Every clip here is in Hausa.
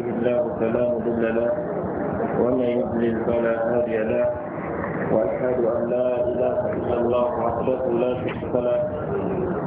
يهده الله فلا مضل له ومن يضلل فلا هادي له واشهد ان لا اله الا الله وحده لا شريك له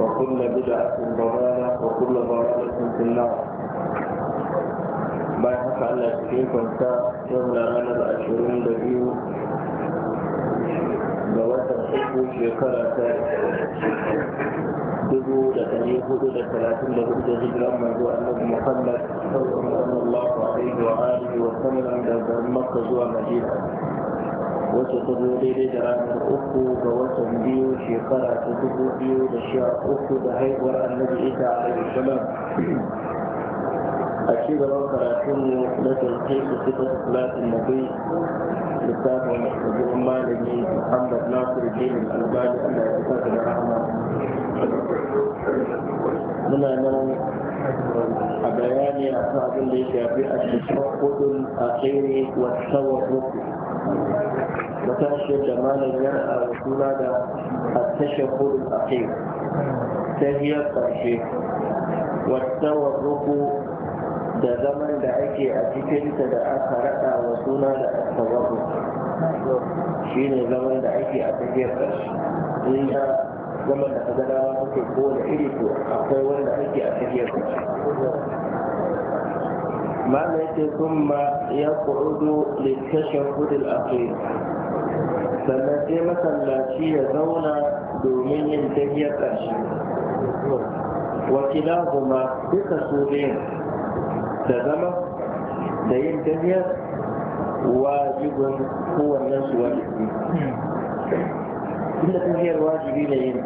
وكل بدعة ضلالة وكل ضلالة في النار ما يحق على الشيخ كنت يوم لغانا العشرين دبيو بواسع حكو شكرا دبو لتنيه هدو لثلاثين لهدو هجرا هو النبي محمد صلى الله عليه وآله وسلم عند مكة زوى مدينة wacce ta zo daidai da ranar uku ga watan biyu shekara ta dubu biyu da sha uku da haihuwar annabi isa alaihi salam a ci gaban karatunmu na tarihi su fita salatin nabi littafin wajen malami muhammad nasir bin albani allah ya fita da rahama muna nan a bayani a kan abin da ya shafi a cikin kudin a tsere wa tsawon rukun matashiyar da malam ya a suna da a التشهد الأخير تهي الطرشي والتورق da zaman da ake a cikinta da aka raɗa wa suna da asababu shi ne zaman da ake a cikin ƙarshe inda zaman da kadarawa suke kowane iri to akwai wanda ake a cikin ƙarshe ملك ثم يقعد للكشف الأخير سنتي مثلا شيء دون دومين ينتهي كاشي وكلاهما بقصورين تزمى دين تهي واجب هو الناس واجبين إلا تهي الواجبين إيه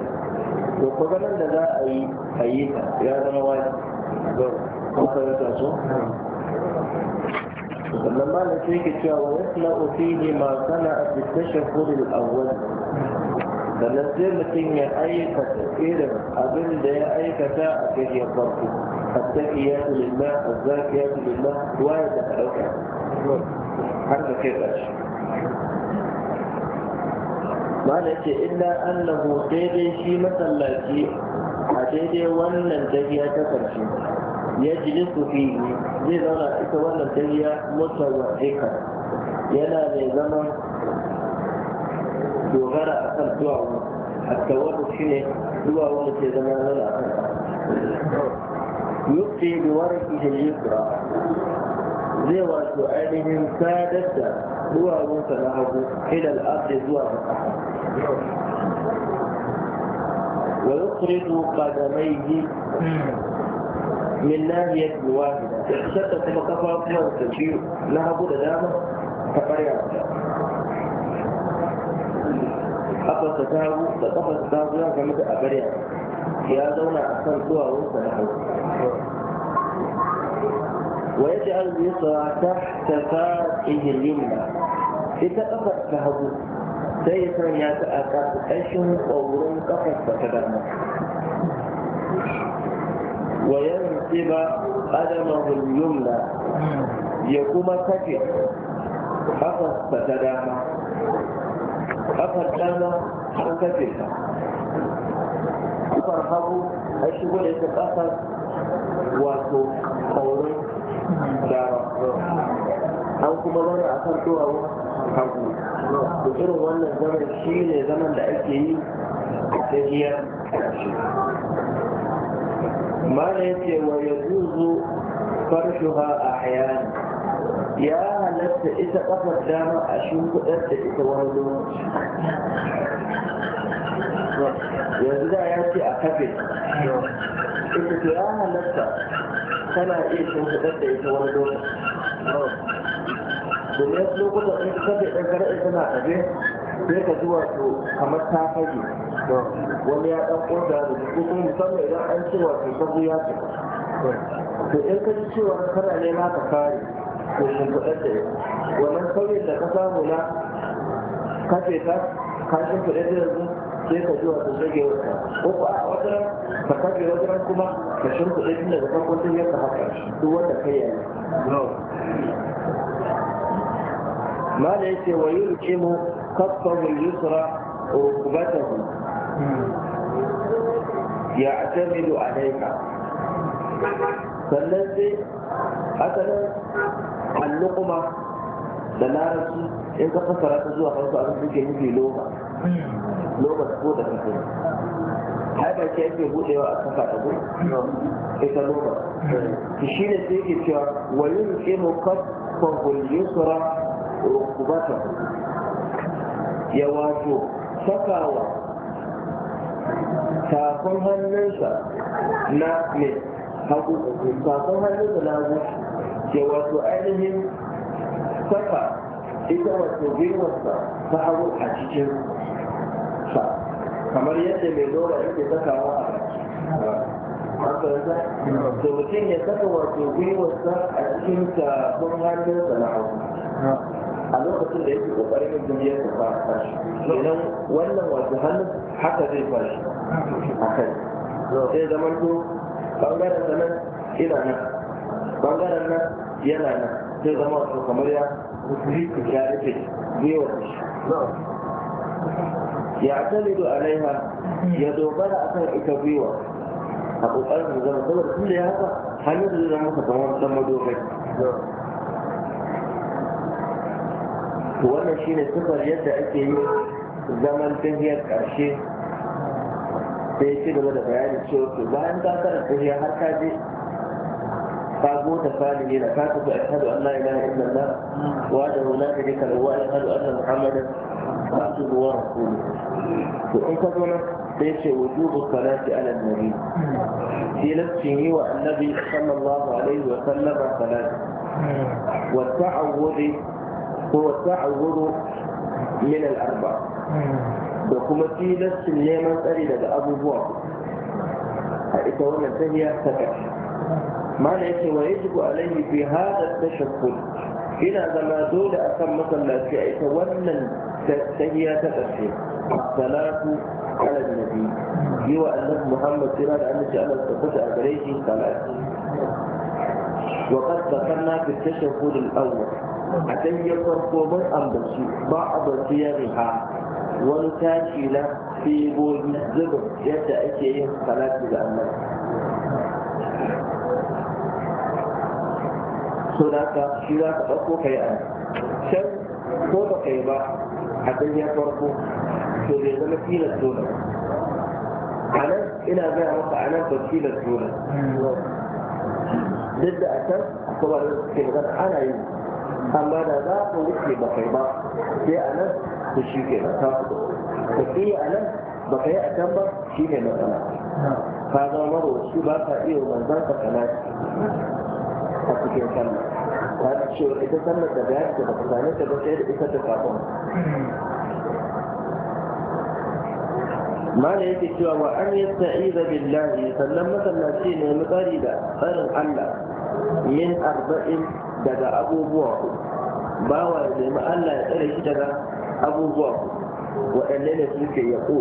وقبل أن لا أي أيها يا زمان واجب وقبل أن لما نشيك تشاو يخلق فيه ما كان في التشهد الأول فنزل تنيا أي فتكير أبن دي أي فتاة كي يضرك حتى إياه للماء الزاك إياه للماء وايد أحرك حرك كيف أشي ما نشي إلا أنه تيدي شي مثلا حتى حتيدي ونن تجي أتفر شي يجلس فيه لذلك تولى الدنيا متوحكا يلا لزما يغرى أثر دعوه حتى ولو شنه دعوه مثل زما ولا أثر يبقي بورقه اليسرى زي ورق عينهم سادسة دعوه فلعب إلى الأرض دعوه ويخرج قدميه من ناحية واحدة شتى كما كفى كما تشير لها بد دامة تقريبا أقل تتاغو تقفى تتاغو يا كمدة أقريبا يا دولة أحسن سوى وانسى نحو ويجعل اليسرى تحت فاته اليمنى لتقفى تتاغو سيسا يتأكد أشهر أورون قفى تتاغو ويجعل yu'azziba qadamahu al-yumna ya kuma kace kafarsa ta dama kafar dama an kace ta kafar hagu an shigo da ita kafar wato kaurin dama an kuma zauna a kan duwawu hagu to irin wannan zaman shi ne zaman da ake yi ta hiyar mara yace wa ha a hayani? ya halatta ita kafar dama a shimfiɗar da ita wani lokaci yanzu da ya ce a kafe ita ce ya halatta tana iya shimfiɗar da ita wani lokaci domin lokutan in kafe ɗan ita na kafe sai ka zuwa to kamar ta fage wani ya dan koda da ko kuma musamman idan an ce wato sabu ya ce to in ka ji cewa kana na ka kare to mun ɗan da wannan sauyin da ka samu na kafe ta kashin kuɗar da yanzu sai ka zuwa to shige wata ko ba a wata ka kafe wata ran kuma ka shin kuɗar tun daga farko sai ka haka duk wanda kai ya ma ما ليس wa قطب اليسرى ركبته يعتمد عليها فالذي أتنا اللقمة لنارك إن قطب صلاة الزوء خلصوا أنه يمكن في لغة لغة تقودة في هذا كيف يقول لي وأكفى تقول إذا لغة تشيل السيكي ويلقم قطب اليسرى ركبته ya wato sakawa tafin hannunsa na mai hagu tafin hannunsa na hagu ya wato ainihin saka ita wato gwiwarsa ta hagu a cikin sa kamar yadda mai lora yake sakawa a baki to mutum ya saka wato gwiwarsa a cikin tafin hannunsa na hagu a lokacin da yake kokarin yin duniya ta fara idan wannan wasu hannu haka zai fashi a kai sai zaman to bangaren sa nan ina nan bangaren nan yana nan sai zama wasu kamar ya ya rufe gwiwar shi ya talibu alaiha ya dogara akan ita gwiwa a kokarin da zama saboda tun da ya haka hannun da zai zama kamar wani dan madogai to wannan shine sifar yadda ake yi zaman tahiyar ƙarshe sai ci gaba da bayanin cewa to bayan ka karanta tahiya har ka je ka gota salihi na ka tafi ashhadu an la ilaha illallah wa da la sharika lahu wa ashhadu anna muhammadan abduhu wa rasuluhu to in ka zo nan sai ce wujubu salati ala nabi tilacin yi wa annabi sallallahu alaihi wa sallama salati wa ta'awudi هو تعود من الأربع وكما في نفس اليوم أريد أبو بواب إتوانا تهي أفتكش معنى إيشي ويجب عليه في هذا التشكل إلى ما دول أسمى صلى الله عليه إتوانا تهي أفتكش الصلاة على النبي هو أنه محمد صلى الله عليه وسلم أنه أبريجي صلاة وقد ذكرنا في التشكل الأول a can ya farko ban ambaci ba a barci ya riha wani tashi na febobi zubin yadda ake yin salati ga annabi so da ka shi za ka ɗauko ka yi a can ko ba ka yi ba a can ya farko to bai zama filar dole a nan ina gaya maka a nan ba filar dole duk da a can kuma da suke magana ana yi الله دا دا په دې کې بقې با چې انا ألم کې نه تاسو ته دې انا بقې اتم ومن کې نه تاسو ته دا امر او شي با ته یو باندې په کلاس کې تاسو کې تم دا چې دې تم د دې چې په ځان ته د دې څه ته ما لا يكفي وان يستعيذ بالله فلما تم تاثير المقاربه خير الحمد من اربع daga abubuwa ku bawa ya nemi Allah ya tsare shi daga abubuwa ku waɗanne ne suke ya ko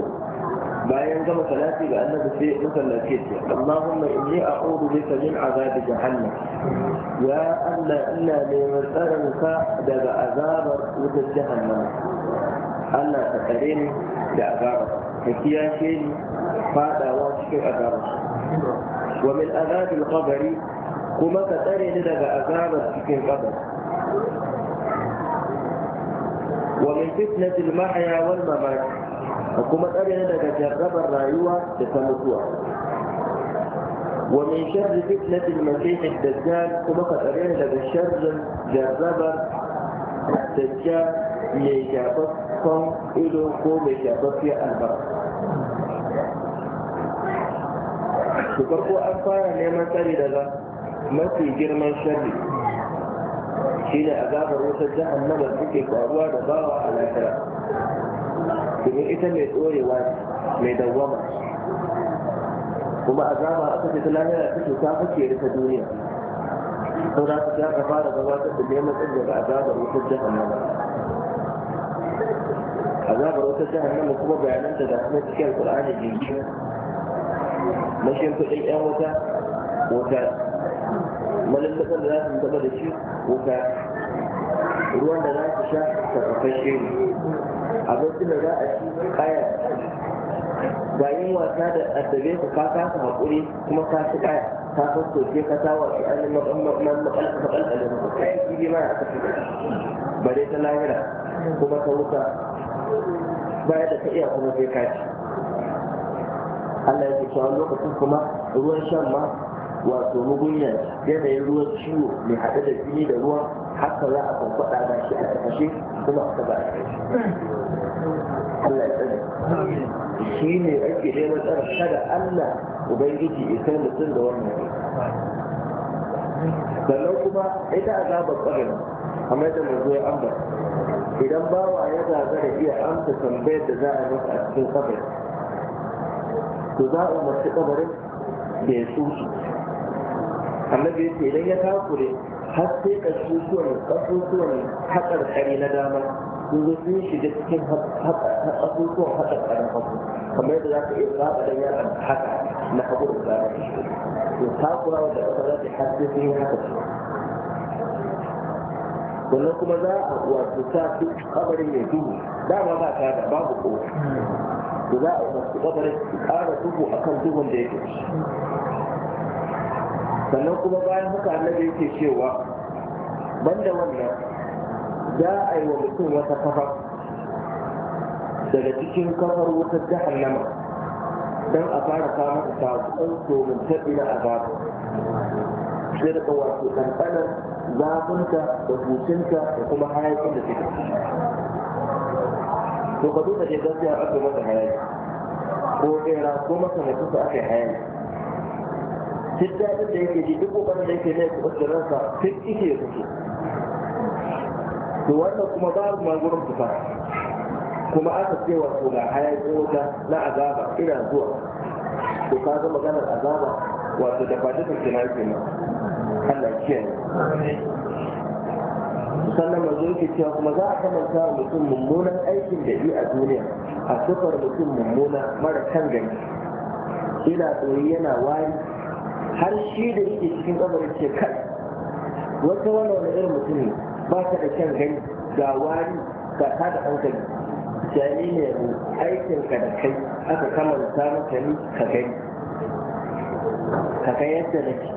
bayan gama salati ga annabi sai ya masallaci ce Allahumma inni a'udhu bika min azabi jahannam ya Allah ina neman tsare ka daga azabar wutar jahannam Allah ka tsare ni da azabar ka kiyashe ni fadawa cikin azabar wa min azabil qabri kuma ka tsare ni daga azabar cikin ƙasa wa min fitnati al mahya wal mamat kuma tsare ni daga jarrabar rayuwa da ta mutuwa wa min sharri fitnati al masih ad dajjal kuma ka tsare ni daga sharrin jarrabar dajjal mai shafaffen ido ko mai shafaffiyar albarka to farko an fara neman tsari daga mafi girman sharri shine azabar wutar jahannama da suke faruwa da bawa a lafiya domin ita mai tsorewa mai dawama kuma a azaba aka ce ta lafiya ta ce ta fuke da ta duniya sau da su ta ta fara gabatar da neman tsin daga azabar wutar jahannama azabar wutar jahannama kuma bayananta da kuma cikin alƙur'ani jirgin mashin kuɗin 'yan wuta wuta malakatan da za su zama da shi wuka ruwan da za su sha tafafashe ne abincin da za a ci kaya ga yin wasa da addabe ka ka kasa haƙuri kuma ka ci kaya ka sassoke ka sa wasu ainihin makalkalin kayan kiri ma aka fi bare ta lahira kuma ka wuta baya da ta iya kuma sai ka ci Allah ya ce cewa lokacin kuma ruwan shan ma wato mugunyan yanayin ruwan ciwo mai haɗe da jini da ruwan haka za a kwamfada na shi a tafashe kuma a taba a Allah ya tsare shi ne ake neman tsara kada Allah ubangiji ya kai mutum da wannan sannan kuma ita azabar tsarin kamar da mai ya amba idan bawa ya gagara iya amsa tambayar da za a masa a cikin kabarin to za a umarci kabarin da ya tsusu annabi yace idan ya takure har sai kasusuwan kasusuwan haƙar ƙari na dama sun zo sun shiga cikin kasusuwan haƙar ƙarin hagu kamar yadda za ka iya zaɓa dan yaran haka na hagu da zaɓa to takura wanda ƙasa za ta har sai sun yi haka sannan kuma za a wato sa duk kabarin mai duhu dama ba ta da babu ko da za a wasu kabarin su ƙara duhu akan duhun da yake sannan kuma bayan haka annabi yake cewa banda wannan za a yi wa mutum wata kafa daga cikin kafar wutar jahannama don a fara kawo masa sabon domin taɓi na azabu sai da wato ɗanɗanar zafinta da hutunta da kuma hayakin da take to ka duka je gaskiya aka masa hayaki ko ɗera ko masa mai aka yi hayaki duk daɗin da yake ji duk ƙoƙarin da yake ne ya kuɓa ransa duk ike ya kuke to wannan kuma babu magurin fita kuma aka cewa wa ga hayaƙin wuta na azaba ina zuwa to ka ga maganar azaba wato da ba duka kina kenan Allah kiyaye sannan manzo yake cewa kuma za a kamanta wa mutum mummunan aikin da yi a duniya a sufar mutum mummuna mara kan gani ina tsoyi yana wari har shi da yake cikin kabarin ce kai wata wani wani irin mutum ba ta da kyan gani ga wari ga ta da hankali jani ne aikin ka da kai aka kamanta maka ni ka gani ka kai yadda nake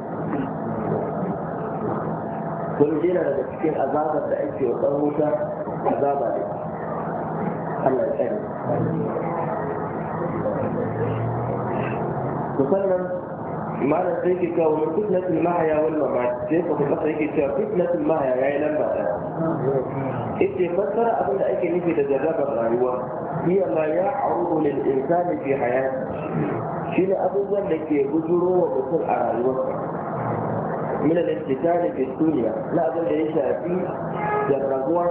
kun daga cikin azabar da ake wa ɗan wuta azaba ne Allah ya tsare. Musamman malam sai ke kawo min fitnatul mahaya wal mamat sai ka kasa yake cewa fitnatul mahaya yayi lamba ɗaya ita fassara abin da ake nufi da jarrabar rayuwa hiya ma ya a'udu lil insani fi hayati shine abubuwan da ke bujuro wa mutum a rayuwarsa min al-intitali fi dunya na abin da ya shafi jarrabuwa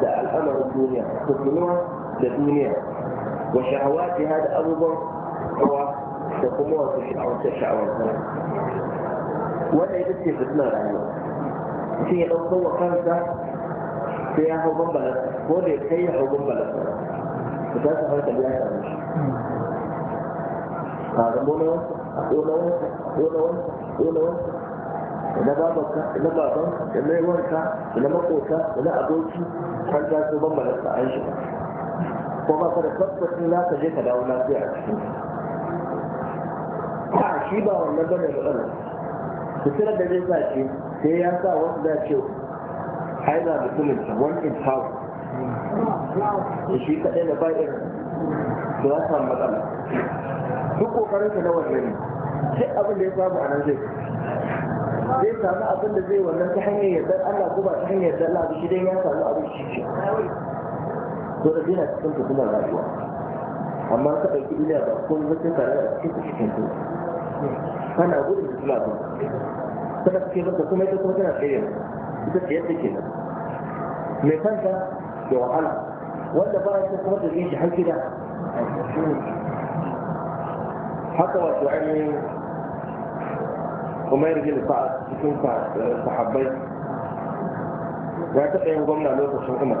da al'amarin duniya tukunuwa da duniya wa shahawati hada abubuwan kowa تقوم وتشع وتشع وتشع ولا يبدي بدمار في أطوة خمسة فيها ضمبلة ولي الحية أو ضمبلة فتاسة خمسة بيها تعمش هذا مونو ولو ولو ولو إلا بابك إلا بابك إلا يوانك إلا مقوك إلا أبوك حتى تضمن الصعيش وما ترقبت لا تجيك لأولاد يعني shi ba wannan bane matsala fitilar da zai sace sai ya sa wasu da ce haina mutumin one in power da shi kaɗai da bayan da ya samu matsala duk kokarinsa na wannan ne sai abin da ya samu a nan zai zai samu abin da zai wannan ta hanyar yadda Allah ko ba ta hanyar yadda Allah shi dai ya samu abin shi ce to da dina cikin fitilar rayuwa amma ka ɗauki iliya ba kun zai tare da cikin cikin kana gudun da suna zuwa tana suke masa kuma ita kuma tana tsaye ita ce yadda ke nan mai kanta da wahala wanda ba ya kuma da zai shi har gida haka wato ainihin umar bin sa'ad cikin sahabbai ya taɓa yin gwamna lokacin umar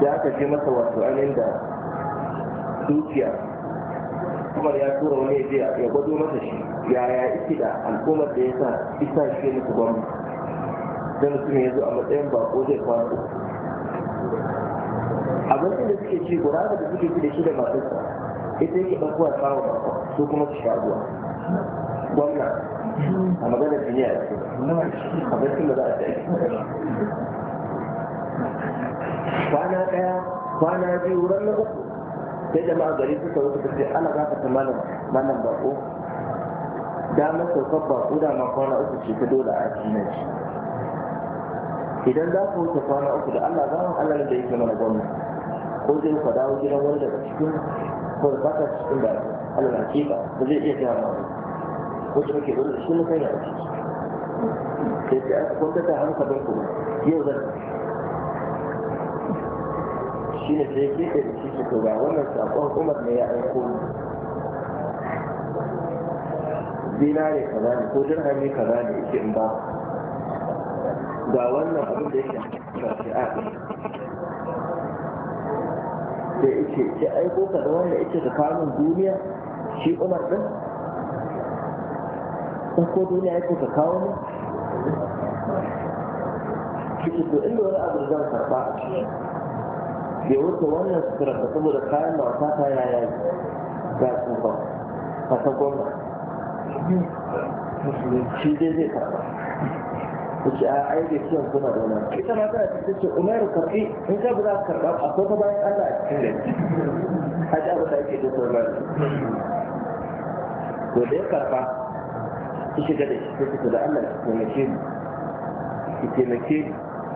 ya aka je masa wato ainihin da dukiya umar ya tura wani ya je ya gwado masa shi yaya iki da al'ummar da ya sa isa shi musu gwamna don su ne yanzu a matsayin bako zai kwaso abincin da suke ci gura da suke ci da shi da matarsa ita yake ɗan kuwa kawo bako su kuma su sha ruwa gwamna a maganar duniya ya ce abincin da za a ci kwana ɗaya kwana biyu ran na uku sai jama'a gari suka zo suka ce ana za ka ta malam malam bako damar saukar bako da ma kwana uku ce ta dole a cikin shi idan za ku wuce kwana uku da Allah za Allah da yake mana gwamnati ko zai ku dawo gidan wani daga cikin ko da baka cikin da Allah na kiba ba zai iya gaya ma ko da kake dole shi ne kai na ciki sai sai aka kwanta da hankalin ku yau zan shi ne sai ke da shi ke ga wannan sakon umar ne ya aiko ni ne kaza ne ko dirhami kaza ne yake in ba ga wannan abin da yake ba shi a ɗin da yake ki aiko ka da wannan yake tsakanin duniya shi umar ɗin in ko duniya yake ka kawo ne Kiki to inda wani abu zan karɓa a cikin ya wuce wannan sutura ka saboda kayan da wata ta yaya ga tsufa ka ta gwamna shi dai zai karɓa kuce a ai da kiyan kuna da wani ita ma tana ta ce umar, karɓi in ka ba za ka a ko ta bayan allah a cikin da a ji abin da ake da sauran to da ya karɓa ki shiga da shi sai da allah ki taimake ni ki taimake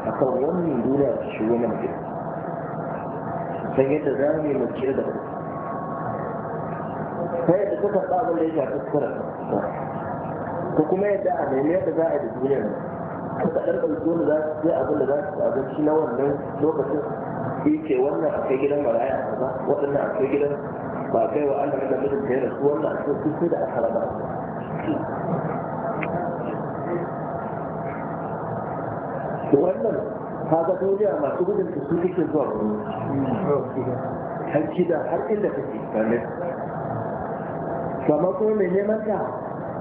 a kan wannan duniya ki shigo mana gida فيتزامي المسجد هي تتوقع بعض اللي يجي على الكرة حكومية داعمة اللي هي تزايد الدنيا تقريبا الدور ده زي أقول لك ده أقول شيء نوع من نوع بس في شيء ولا في كده ما لعيا ولا ما في كده ما في ولا ما كده مثل كده ولا ما في كده كده أحلى بقى ولا kaga duniya masu gudun ta su kike zuwa har gida har inda kake tsalle kamar kuma mai neman ta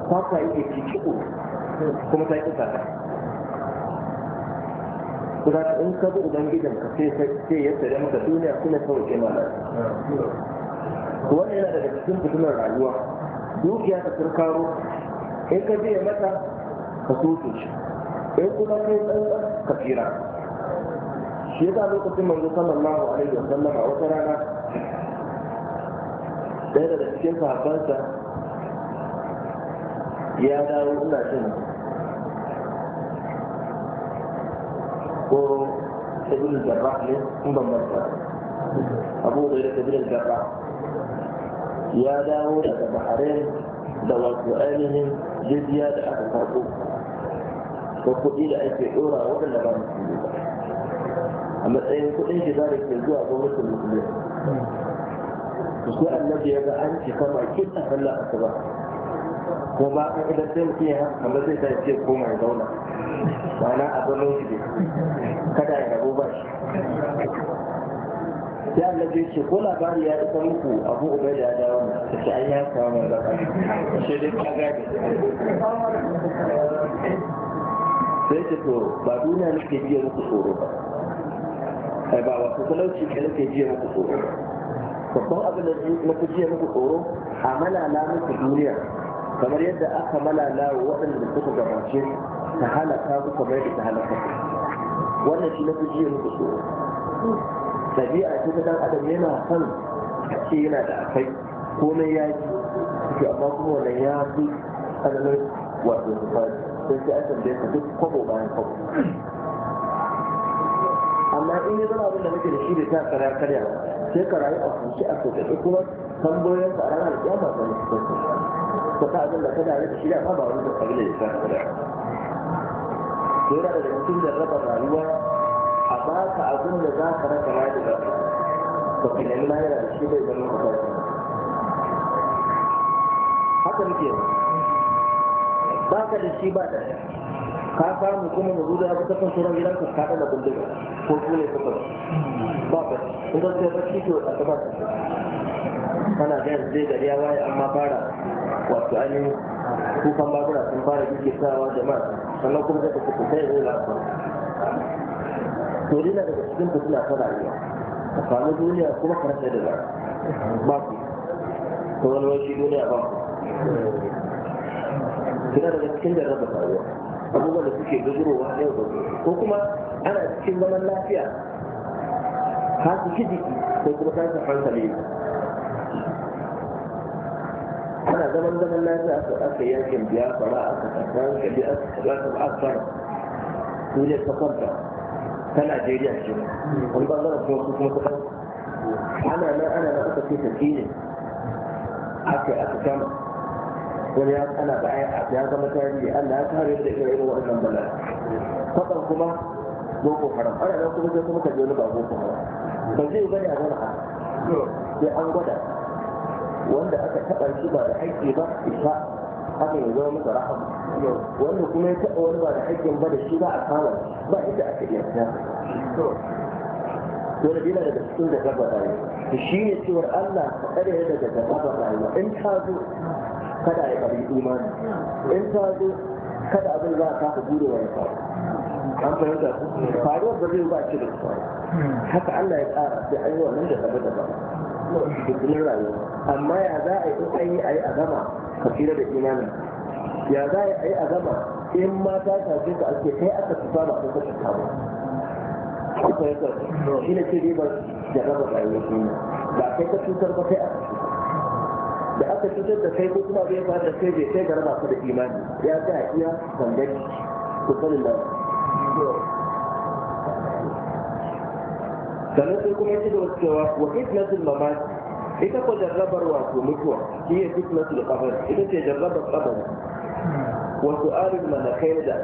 kwakwa yake ciciko kuma ta yi tsada kuma ta in ka bi gidan ka sai ya da maka duniya kuma kawai ke mana Wani yana daga cikin fitunar rayuwa dukiya ta turkaro in ka biya mata ka soke shi in kuma kai tsantsan ka tsira shi yasa lokacin manzo sallallahu alaihi wa sallam a wata rana ɗaya daga cikin sahabbansa ya dawo ina jin ko ibn jarrah ne in ban manta abu da ibn jarrah ya dawo daga bahrain da wato ainihin jizya da aka karɓo ko kuɗi da ake ɗora waɗanda ba musulmi ba matsayin kudin shiga da ke zuwa gwamnatin musulmi sai annabi ya ga an ci kama cika Allah a sallar ko ba ka idan sai mutum ya haka kamar zai tashi ce koma ya zauna ma'ana a zaman shi kada ya rabu ba shi sai annabi ya ce ko labari ya isa muku abu ubai da ya dawo da shi an yi haka mai zaka shi dai ka gane sai ce to ba duniya nake biya muku tsoro ba ba wasu talauci da nake jiya muku tsoro babban abin da nake jiya muku tsoro a malala muku duniya kamar yadda aka malala wa waɗanda suka gabace ta halaka ku kamar yadda ta halaka ku wannan shi nake jiya muku tsoro tabi'a ce ta dan adam yana son ce yana da akai komai ya ji to amma kuma wannan ya fi tsananin wato sai sai an tambaye ka duk kwabo bayan kwabo in ya zama abin da muke da shi da ta karya karya sai ka rayu a kunshi a sauke sosai kuma tambayoyin ka a ranar kiyama ba ne su ka ta abin da ka da shi da ma ba wani da abin da ya sa karya to yana da mutum da raba rayuwa a baka abin da za ka raka rayu da ba ka nemi ma yana da shi bai zama ka haka muke ba ka da shi ba da ka samu kuma mu zuwa ka kan suran gidan ka kada da bindiga ko kule ka ba ba ba idan sai bacci to a gaba ka kana ga zai gari ya waye amma fara wato ainihin kukan babura sun fara gigitawa jama'a sannan kuma zai ka kuka sai zai lafa to dina daga cikin fitina ta rayuwa ka samu duniya kuma ka rasa da ba ku to wani wani duniya ba ku kina daga cikin jarrabar rayuwa abubuwan da suke gazurowa yau da ko kuma ana cikin zaman lafiya ka su ki jiki ko kuma ka san hankali ana zaman zaman lafiya aka aka yankin biya fara aka kasa hankali aka kasa aka akbar duniyar ta kwanta ta Najeriya ce wani bangaren kuma su kuma ta ana nan ana nan aka ce ta ne aka aka kama wani ya kana da ya zama tarihi Allah ya kare da irin irin wannan bala fadan kuma boko haram ana nan kuma sai kuma ka je wani ba boko haram ba zai gani a wani sai an gwada wanda aka taɓa shi ba da aiki ba isa haka ya zama masa rahama wanda kuma ya taɓa wani ba da haƙƙin ba da shi ba a kama ba inda aka iya ta dole dina daga cikin da gaba da shi ne cewar Allah ka tsare daga gaba da in ta zo kada ya ɓari imani in ta zo kada abin za a kafa gurewa ya faru an fahimta faruwar ba zai ba ce da faru haka Allah ya tsara sai an yi wannan da gaba da ba cikin rayuwa amma ya za a yi in an yi a yi a gama ka fira da imanin ya za a yi a gama in ma ta shafe ka ake kai aka tuta ba ka tuta ba an fahimta shi ne ce dai ba da gaba rayuwa ba kai ka cutar ba kai aka cutar da aka fitar da kai ko kuma bai ba da kai bai kai ga raba da imani ya ga iya gangan ku sanin da sannan sai kuma yake da wasu cewa wa fitnatul mamat ita ko jarrabar wato mutuwa shi ne fitnatul qabr ita ce jarrabar qabr wa su'alul malakai da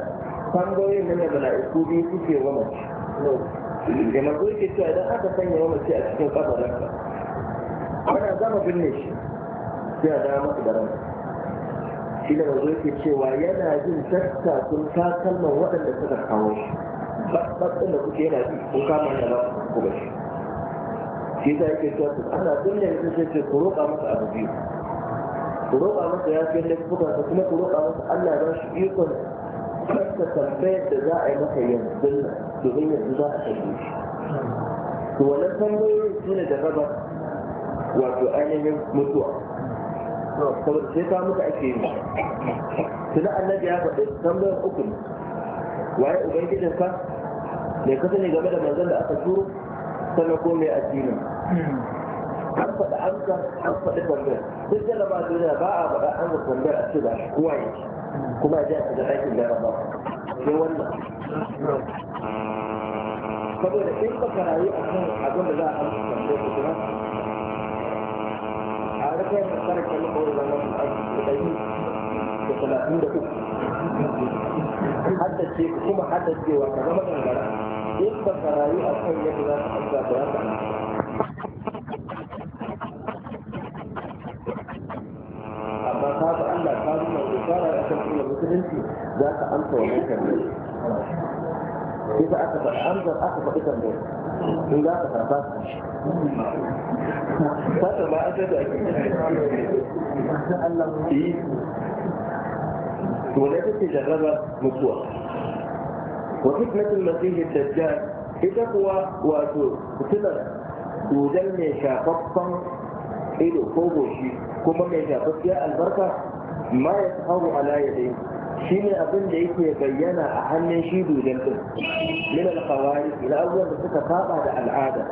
tambayoyin nan da mala'iku biyu suke wa mace da mazo yake cewa idan aka sanya wa mace a cikin kabarinka ana zama binne shi sai a dawo masa da ran shi da razo yake cewa yana jin tattakun takalman waɗanda suka kawo shi baɗin da kuke yana ji ko kama da ba ku ba shi shi ta yake cewa su ana kulle yanzu sai ce ku roƙa masa abu biyu ku roƙa masa ya fiye laifukan sa kuma ku roƙa masa Allah ya ba shi ikon kasta tambayar da za a yi masa yanzu nan domin yanzu za a tambaye shi to wannan tambayoyin su ne da raba wato ainihin mutuwa sai ka muka ake yi tuna annabi ya faɗi tambayar uku ne waye ubangijinka mai kasa ne game da manzon da aka turo sannan ko mai addinin an faɗi amsa an faɗi tambayar duk jarraba duniya ba a faɗa an ga tambayar a ce ba shi kowa ya ce kuma a ji a shiga ɗakin jarraba sai wannan saboda in ka rayu a kan abin da za a amsa tambayar kuma kai kuma hadda cewa ka zama gangara in ba ka rayu a kan yadda za ka amsa da yaka amma ka Allah ka zama mai a kan musulunci za ka amsa wa mutane. yasa aka faɗi amsar aka in za ka karɓa ka shi ta ba a da ake yi to ne take jarraba mutuwa wa fitnatul masih ad-dajjal ita kuwa wato fitinar dodal mai shafaffan ido ko kuma mai shafaffiyar albarka ma ya tsaro ala shine abin da yake bayyana a hannun shi dodon din min alqawari ila abubuwan da suka saba da al'ada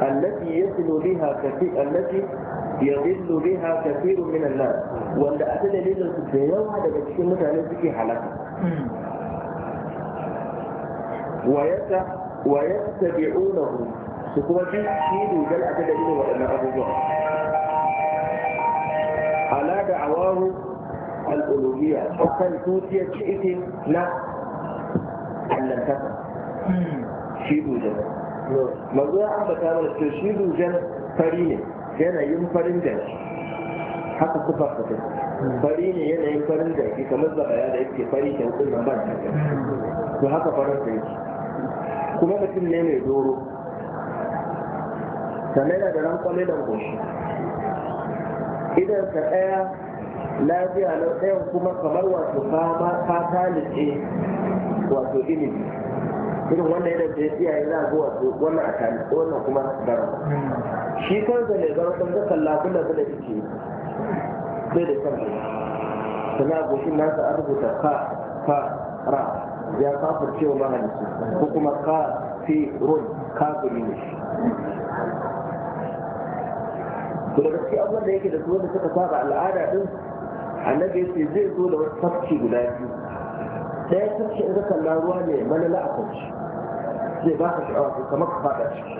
allati yadlu biha kafi allati yadlu biha kathirun min an-nas wanda a dalilin su da yawa daga cikin mutane suke halaka wa yata wa yattabi'unahu su kuma bi shi dodon a dalilin waɗannan abubuwa ala da'awahu al'ulubiyya ko kan tutiyar cikin na allantaka shi dujan mazu ya ambata mana to shi dujan fari ne yanayin farin jaki haka kufa fata fari ne yanayin farin jaki kamar zabaya da yake fari da hukunan ban to haka farin da yake kuma mutum ne mai doro sannan yana da ran kwale da goshi idan ka ɗaya lafiya na ɗayan kuma kamar wato kama ka talice wato ilimi irin wannan yadda da iyaye za a zo wato wannan a talice wannan kuma gara shi kansa ne garo ɗan ga kallakunan da yake sai da kansa sana gushin nasa an rubuta ka ka ra ya kafar cewa mahalicci ko kuma ka fi rol kafiri ne to da gaske abubuwan da yake da su wanda suka saba al'ada din annabi yace zai zo da wasu tafki guda biyu ɗaya tafki in ka kalla ruwa ne malala a kwanci zai ba ka sha'awa ko kamar ka faɗa ciki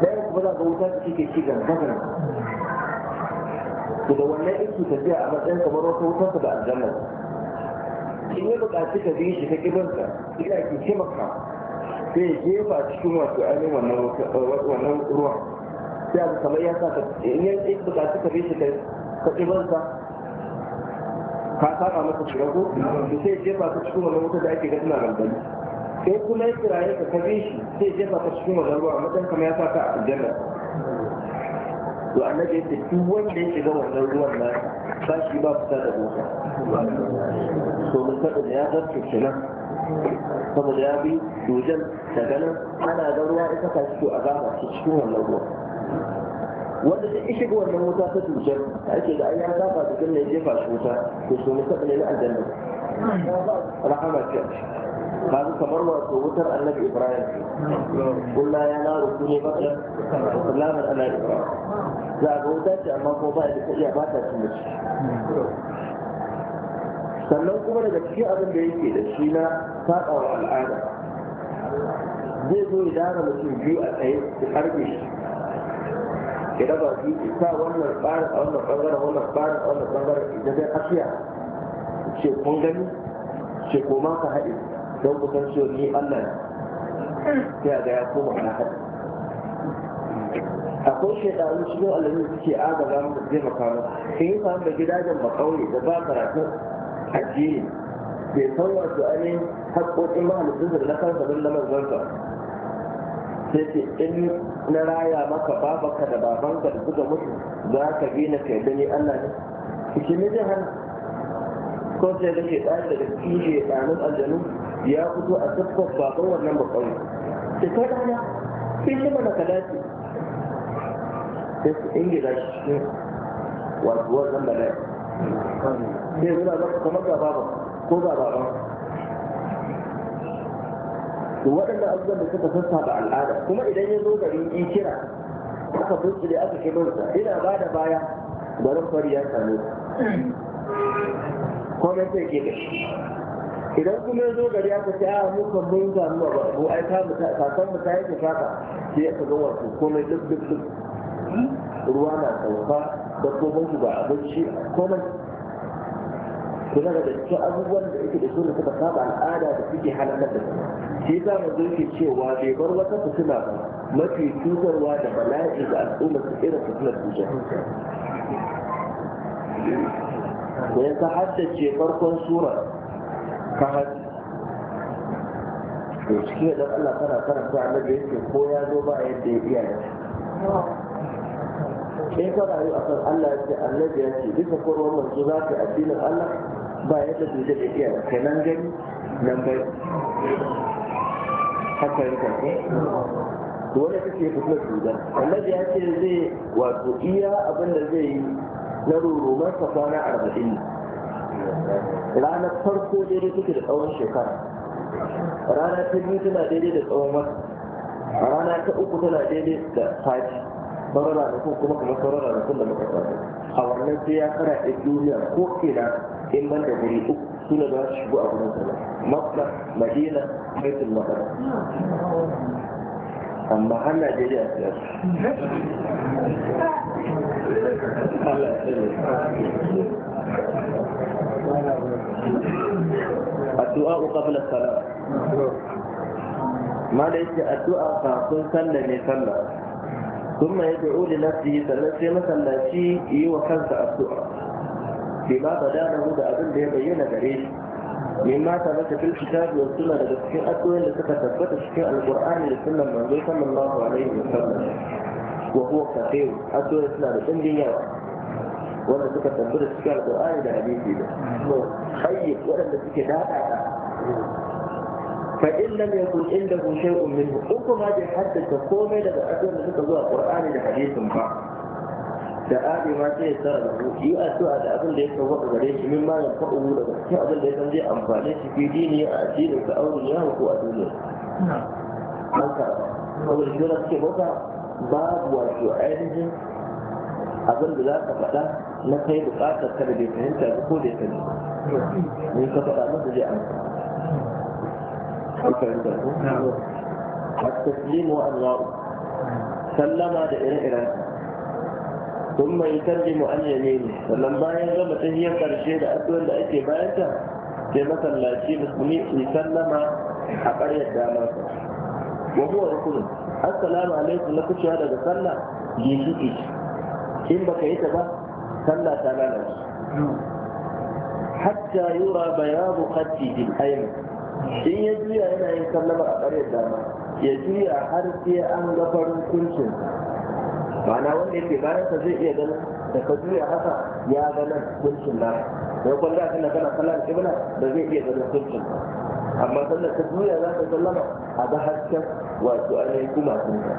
ɗaya kuma za ka wuta ciki ke ci gangan to da wannan yake tafiya a matsayin kamar wata wutarsa da aljanna in ya buƙaci ka bi shi ka ƙibarsa ina ke ce maka sai ya jefa cikin wato ainihin wannan ruwan sai abu kamar ya sa ka in ya buƙaci ka bi shi ka ƙibarsa ka saba masa shiga ko to sai jefa ka cikin wannan wuta da ake ga tana rambani sai kuma ya kiraye ka ka bi shi sai jefa ka cikin wannan ruwa madan kama ya saka a aljanna to annabi ya ce duk wanda ya shiga wannan ruwan nan ba shi ba fita da boka to mun kada da ya zarce kenan saboda ya bi dojan daga nan ana ga ruwa ita ka shi to a gaba cikin wannan ruwan wanda duk ya shiga wannan wuta ta cutar ake da ayyan saba da kan ne jefa shi wuta to so ne tabbale na aljanna rahama ce kaga kamar wato wutar annabi ibrahim kulla ya na ruku ne baka salamun ala ibrahim za a ga wuta ce amma ko ba da ta iya ba ta cin mace sannan kuma daga cikin abin da yake da shi na saba wa al'ada zai zo ya dara mutum biyu a tsaye su harbe shi ya raba shi sa wannan tsarin a wannan bangaren wannan tsarin a wannan bangaren idan zai kashiya ce kun gani ce koma ka haɗe don ku san cewa ni Allah ne sai a ga ya koma ka haɗe akwai shaidaru cikin alamu suke agaza mu zai makamu sai yi samu da gidajen makauye da ba karatun addini bai san wasu ainihin haƙoƙin mahalicinsa da na kansa don na manzansa sai ce in na raya maka babanka da babanka da suka mutu za ka bi na kai gani Allah ne cikin na jihar ko sai da ke ɗaya daga kishe ɗanin aljanu ya fito a siffar baban wannan bakon sai ka ɗana sai shi mana ka dace sai su ingila shi cikin wato wannan bala'i sai zuwa maka kamar ga baban ko ga baban to waɗannan abubuwan da suka sassaɓa al'ada kuma idan ya zo kira ikira aka da aka kimarsa ina ba da baya garin fari ya same komai sai ke da shi idan kuma ya zo gari ya ce a mu kan mun samu ba ko ai ta mu ta san mu ta yake faka sai ka ga wato komai duk duk duk ruwa na sauka da komai ba abinci komai kula da gaske abubuwan da yake da su da suka saba al'ada da suke halakar da su shi yasa mu zo yake cewa bai bar wata fitila ba mafi cutarwa da bala'i ga al'umma su irin fitilar zuciya da ya ta haddace farkon sura ka haddace to cikin da Allah kana karanta annabi yake ko ya zo ba yadda ya iya da in ka rayu a kan Allah ya ce annabi ya ce duka korwar manzo za ka addinin Allah ba yadda su da iya ka nan gani nan bai haka yi kake wanda take fitar cuta annabi ya ce zai wato iya abin da zai yi na rurumar sa kwana arba'in ranar farko daidai suke da tsawon shekara rana ta biyu tana daidai da tsawon wata rana ta uku tana daidai da sati sauran ranakun kuma kamar sauran ranakun da muka tsaro a wannan sai ya kara ɗin duniya ko kenan in ban da guri uku suna za su shigo a gurin sallah makka madina baitul maqdis amma har najeriya su yasu addu'a qabla salat ma da yake addu'a kafin sallah ne sallah ثم يدعو لنفسه فلنفسه مثلا شيء يوكلت الدعاء بما بدانا هو ده ابن ده بينا جريش مما ثبت في الكتاب والسنة لدى في أدوية لسكة في القرآن لسنة من صلى الله عليه وسلم وهو كثير أدوية لسنة لدى في الدنيا وانا سكة ثبت في القرآن لدى أبي سيدة خيب وانا لسكة دابعة فإن لم يكن عنده شيء منه أنكم هذه حتى تقومي لدى أدوية لسكة القرآن لحديث بعض da arewa sai ya tsara lahu yi addu'a da abin da ya kawo a gare shi min bayan fa'uhu daga cikin abin da ya san zai amfane shi fi dini a addinin ka auren yawo ko a duniya an ka saboda shi wani suke bauta babu wato ainihin abin da za ka faɗa na kai buƙatar ka da bai fahimta ba ko da ya sani ne ka faɗa masa zai amfani. التسليم وأنواعه سلم هذا إلى إيران sun mai tarbi mu an yamini sannan bayan gama tahiyar karshe da addu'ar da ake bayanta sai masallaci musulmi ya sallama a ƙaryar dama sa wa huwa rukunin assalamu alaikum na kucewa daga sallah ginshiki in baka yi ta ba sallah ta lalace hatta yura bayanu khatihi al-ayman in ya juya yana yin sallama a ƙaryar dama ya juya har sai an ga farin kuncin ma'ana wanda yake bayan ka zai iya ganin da ka juya haka ya ganin kuncin na ya kwan da kana kana kallon kibla da zai iya ganin kuncin amma sannan ka juya za ka sallama a ga hasken wato ainihin kuma sun ka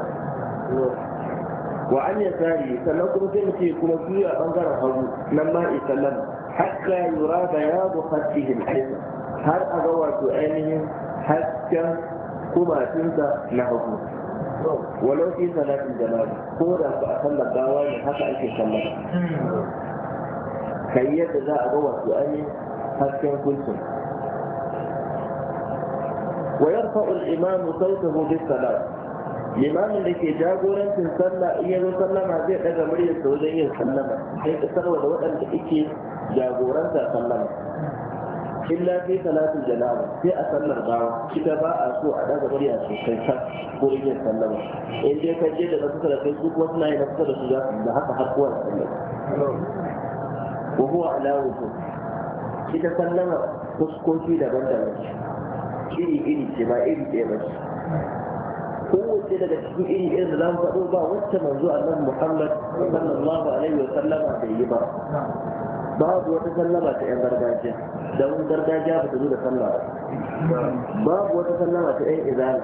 wa an ya tsari sannan kuma sai mutum kuma juya bangaren hagu nan ma isallama hatta yura bayanu hasihim aisa har a ga wato ainihin hasken kumatinsa na hagu walau fi salatin janabi ko da ku a sallar gawa ne haka ake sallar kai yadda za a ga wasu ani hasken kulcin wa yarfa'u al-imamu sautahu bis-salat limamin da ke jagorancin sallah in yazo sallama zai daga muryarsa wajen yin sallama sai ka da waɗanda ake jagoranta sallama illa fi salatin jana'a sai a sallar gawa ita ba a so a daga murya sosai kan gurin yin sallama in dai ka je da na kusa da kai su kuma suna yi na kusa da su za su da haka har kuwa sallama wa huwa ala wudu ita sallama fuskoki daban-daban iri-iri ce ba iri ɗaya ba ce kowace daga cikin iri irin da zamu faɗo ba wacce manzo a Allah Muhammad sallallahu alaihi wa sallama bai yi ba babu wata sallama ta 'yan gargajiya da wani gargajiya ba ta zo da sallah ba babu wata sallama ta 'yan izali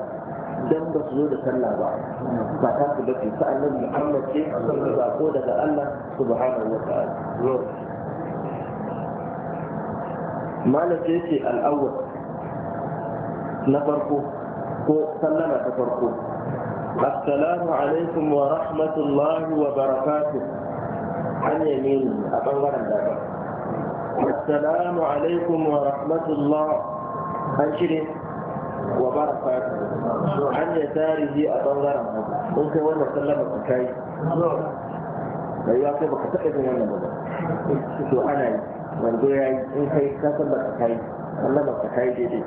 don ba su zo da sallah ba ba ta su bace ta annabi Muhammad ce ko daga Allah subhanahu wa ta'ala malaka yace al na farko ko sallama ta farko assalamu alaikum wa rahmatullahi wa barakatuh عن يمين أطور السلام عليكم ورحمة الله أنشره وبركاته عن يساره أطور أنت وانا سلمت كي لا يعطي بك تقدم وانا مدى شو أنا من جاي إن كي كسبت كي سلمت كي جديد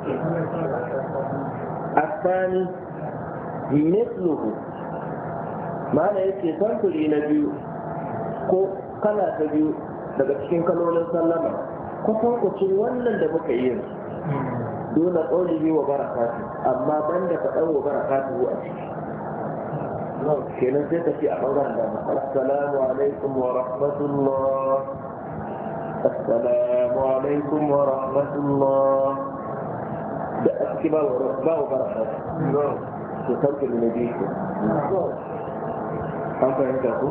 الثاني مثله ما لا يكفي تنكر إلى بيو ko kala ta biyu daga cikin kalolin sallama kusan kucin wannan da muka yi yanzu dole biyu wa barakatu amma ban da faɗan wa barakatu a ciki kenan sai ka ce a ɓangaren da assalamu alaikum wa rahmatullah assalamu alaikum wa rahmatullah da a ciki ba wa barakatu to sauƙin na biyu an fahimta ku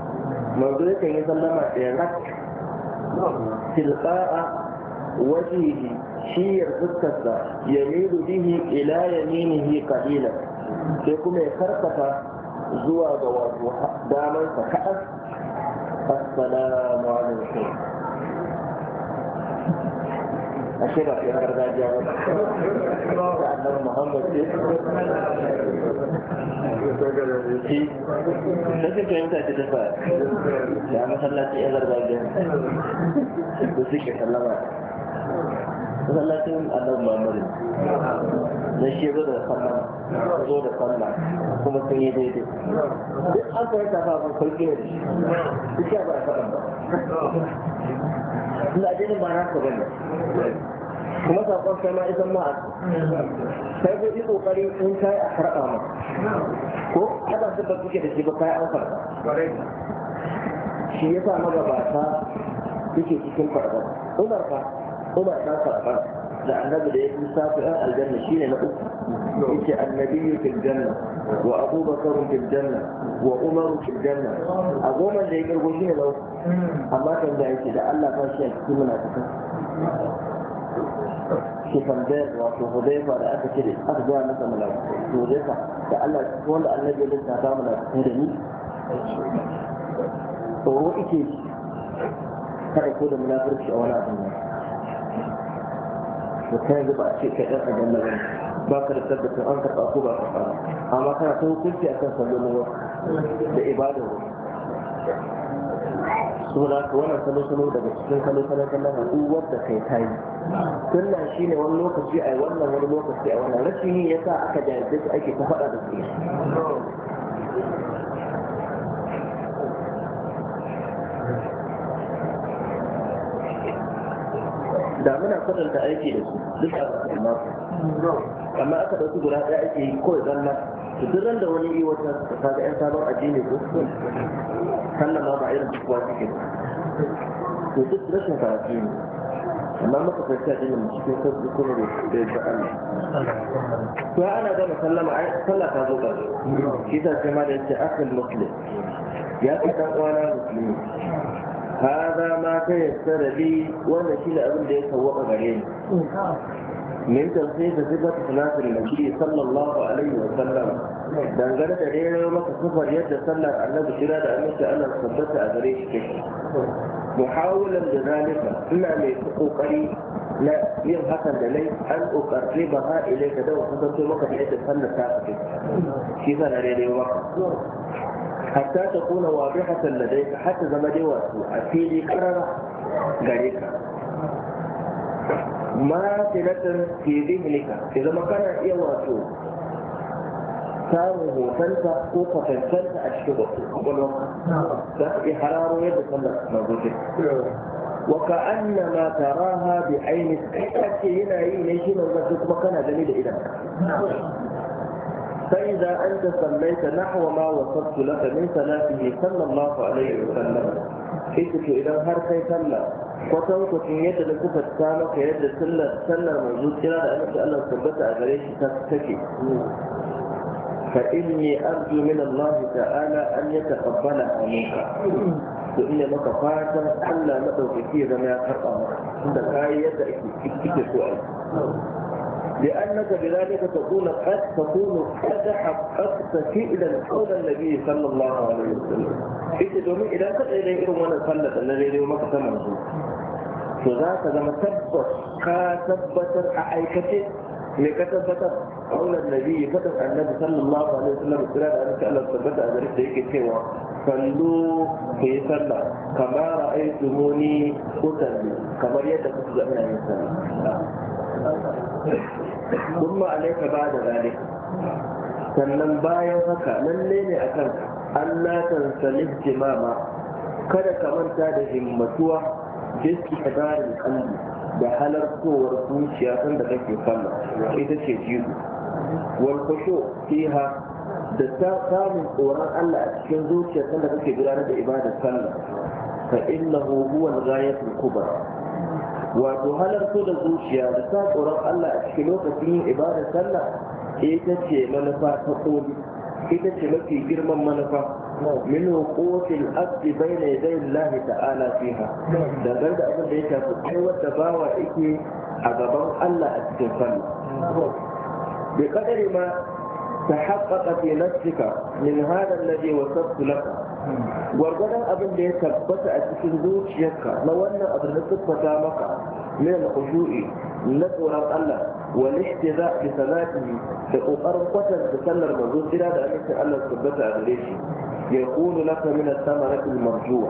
manzo ya kan yi sallama ɗaya rak tilqa'a wajihi shiyar fuskarsa yamilu bihi ila yaminihi kabila sai kuma ya karkata zuwa ga wato damansa kaɗan assalamu alaikum ashe ba fiye gargajiya ba da annan muhammad ce shi da su fahimta ce ta fara masallaci yan gargajiya da suke sallama masallacin annabi mamari. na shi zo da sallah zo da sallah kuma sun yi daidai duk an kai ta fa mun kulki ne duk ya ba sallah ba ina addinin ba na ka bane kuma sakon sai ma isan ma'a sai ko yi kokari in kai a karɓa ma ko kada su ba kuke da shi ba kai an karɓa shi yasa magabata yake cikin fargaba umar fa هما سافرا لا نبدأ يكون سافرا الجنة شين لأبقى إنت النبي في الجنة وأبو بكر في الجنة وأمر في الجنة أقوم أن يقول لي لو أما كان دعيت إذا ألا فاشي أكتب من أكتب شفن بير وفي حضيفة رأيت كده أخذ دعا نفسه من أكتب حضيفة فألا تقول أن نبي لسنا تعمل أكتب هرمي ورؤيتي كان يقول منافرك شعونات الناس da ta yanzu ba a ce kai ɗan aljanna ba ba ka da tabbacin an karɓa ko ba ka fara, amma kana ta hukunci a kan salo ruwa da ibadar ruwa suna ka wannan salo salo daga cikin salo salo salo na duwar da kai ta yi Tun sunna shi ne wani lokaci a wannan wani lokaci a wannan rashin yi sa aka jajjace ake ta faɗa da su da muna kwatanta aiki da su duk a cikin nasu amma aka dauki guda ɗaya ake yi kawai zalla to duk ran da wani yi wata ta ga 'yan sabon addini ko sallan ma ba irin kuwa suke to duk rashin karatu ne amma muka fahimci addini mu cikin sabbi kuma da da Allah to ana gama sallama ai sallah ta zo ba shi ta ce ma da yake akal muslim ya fi dan uwana musulmi hada ma ta yassara li wannan shi ne abin da ya sawwaka gare ni min tafsir da sifat salatul nabi sallallahu alaihi wa sallam dangane da rero maka sifar yadda sallar annabi shira da aminci ana tabbata a gare shi kake muhawalan da zalika ina mai kokari na yin hakan da nai an kokarce ba ka da wasu maka yadda sallar ta hatta ta kuna wabi hasan da dai har zama dai wato a fili karara gare ka ma tilatar ke zihnika ya zama kana iya wato samun hotonta ko kwatancanta a cikin kwakwalwarka za ka iya hararo yadda sallar mazoji wa ka anna ma taraha bi aini kai ake yana yi ne shi manzon kuma kana gani da idan فإذا أنت صليت نحو ما وصفت لك من صلاته صلى الله عليه وسلم إذك إلى هر كي صلى وتوقف يد لكفة سامك يد سلة سلة موجود إلى أنك ألا ثبت أغريش تكتكي فإني أرجو من الله تعالى أن يتقبلها منك to ina maka fatan Allah maɗaukaki ya zama ya karɓa maka da kayi yadda ake kike so a yi لأنك بذلك تكون قد تكون قد حققت فعلا قول النبي صلى الله عليه وسلم إذا دومي إذا كنت إليه إرم وانا صلت الذي اليوم كتمه فذاك لما تبت كتبت أعيكته لكتبت قول النبي كتب النبي صلى الله عليه وسلم إسرائيل أن سأل الثبت أدريك ديك سوى صلوا في صلى كما رأيتموني أصلي كما يدك تزمنا من صلى ثم ba da zalik sannan bayan haka lalle ne a kan Allah salif jimama kada ka manta da himmatuwa jiski kadarin kalbi da halartowar zuciya san da kake sallah ita ce jizu wal khushu fiha da samun tsoron Allah a cikin zuciya san da kake gudanar da ibadar sallah fa innahu huwa al-ghayatul kubra wato halarto da zuciya da sa tsoron Allah a cikin lokacin yin ibadar sallah ita ce manufa ta koli ita ce mafi girman manufa min hukukin abdi bai na yadda Allah ta'ala fiha zan da abin da ya shafi kai wadda bawa yake a gaban Allah a cikin sallah bi kadari ma Ta في نفسك من هذا الذي وصفت لك gwargwadon abin da ya tabbata a cikin zuciyarka na wannan abin na tabbata maka min al-khushu'i na tsoron Allah wa lihtiza bi salatihi da kokarin kwatanta sallar manzo jira da amincin Allah tabbata a gare ya kunu laka min sama na al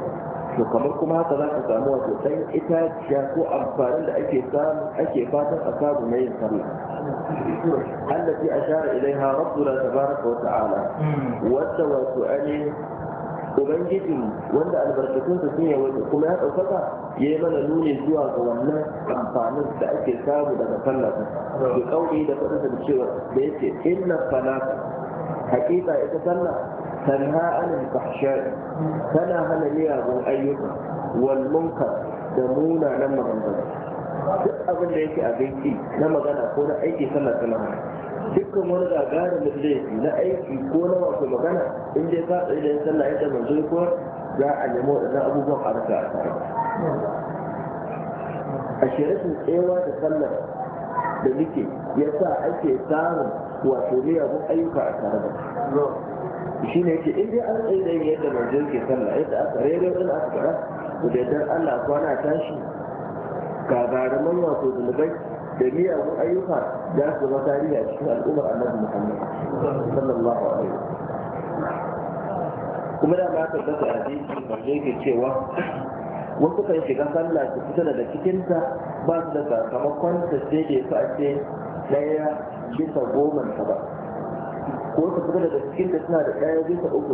to kamar kuma haka za ka samu wato ɗan itaciya ko amfanin da ake samu ake fatan a samu na yin sallah allati ashara ilaiha rabbuna tabaraka wa ta'ala hmm. wanda wato ani ubangiji wanda albarkatun albarkatunsa sun yawa kuma ya ɗaukaka ya yi mana nuni zuwa ga wannan amfanin da ake samu daga sallah da kauri da faɗinsa da cewa da yake inna salata hakika ita sallah تنهى عن الفحشاء تنا هنا ليابو أيها والمنكر دمونا لما غنبنا duk abin da yake abinci na magana ko na aiki sallah tana dukkan wani gagara da laifi na aiki ko na wasu magana in dai ka tsaye da yin sallah yadda manzo ko za a nemi waɗannan abubuwan a rasa a tare a shirin tsewa da sallar da muke ya sa ake samun wato miyagun ayyuka a tare da shi ne ce in an tsaye da yadda manzo ke sallah yadda aka rere din aka fara da dan Allah kwana tashi garaman wato zunubai da miyagun ayyuka da su zama tarihi a cikin al'ummar annabi Muhammad sallallahu alaihi kuma da ma tabbata a hadisi manzo ke cewa wasu kan shiga sallah su fita daga cikinta ba su da sakamakon ta sai da ya fi ce ɗaya bisa goma ta ba ko ta fita daga cikin da suna da ɗaya bisa uku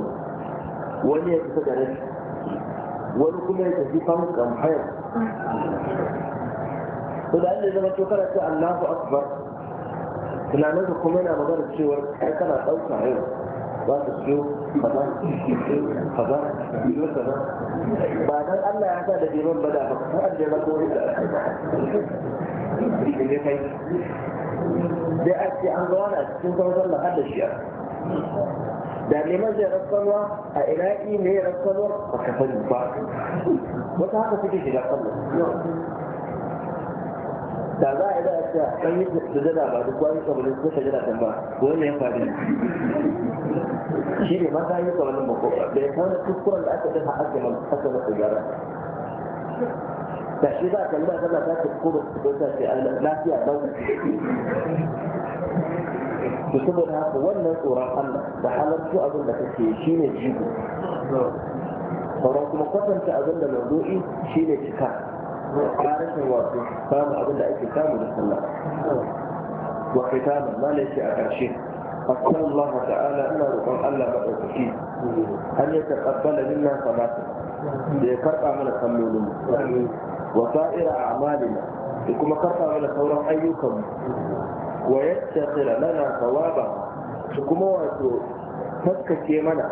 wani ya fita da rashi wani kuma ya tafi famus kamfayar to da Allah zama to kana ce Allahu akbar tunanin ka kuma yana magana cewa kai kana ɗauka yau za ka ciyo kaza kaza biyo kaza ba dan Allah ya sa da jiban bada ba har da ya zama wani da ne kai sai a ce an zo a cikin sauran da hada shi da neman zai rassalwa a iraki ne ya rassalwa ba ka sani ba wata haka suke shiga sallah da za a yi da ta ɗan yi sujada ba duk wani kabalin ko sujada kan ba wani ya faɗi shi ne ma ta yi kabalin ba ko ba da ya kawo kuskuren da aka ɗin ha'ar da aka masa gyara da shi za ka lura zama za ta kuma ko ta ce lafiya ba ku saboda haka wannan tsoron Allah da halartu abin da kake shi ne jigo sauran kuma kwatanta abin da mazo'i shi ne cika ƙarashin wato samu abin da ake samu da sallah wa kitaban ma laifi a ƙarshe أسأل الله تعالى أن رقم الله مأوكي أن يتقبل منا صلاته ليكرقى من الصلولين wa sa'ira a'malina da kuma karɓa mana sauran ayyukanmu wa yattakhira lana thawaba su kuma wato taskace mana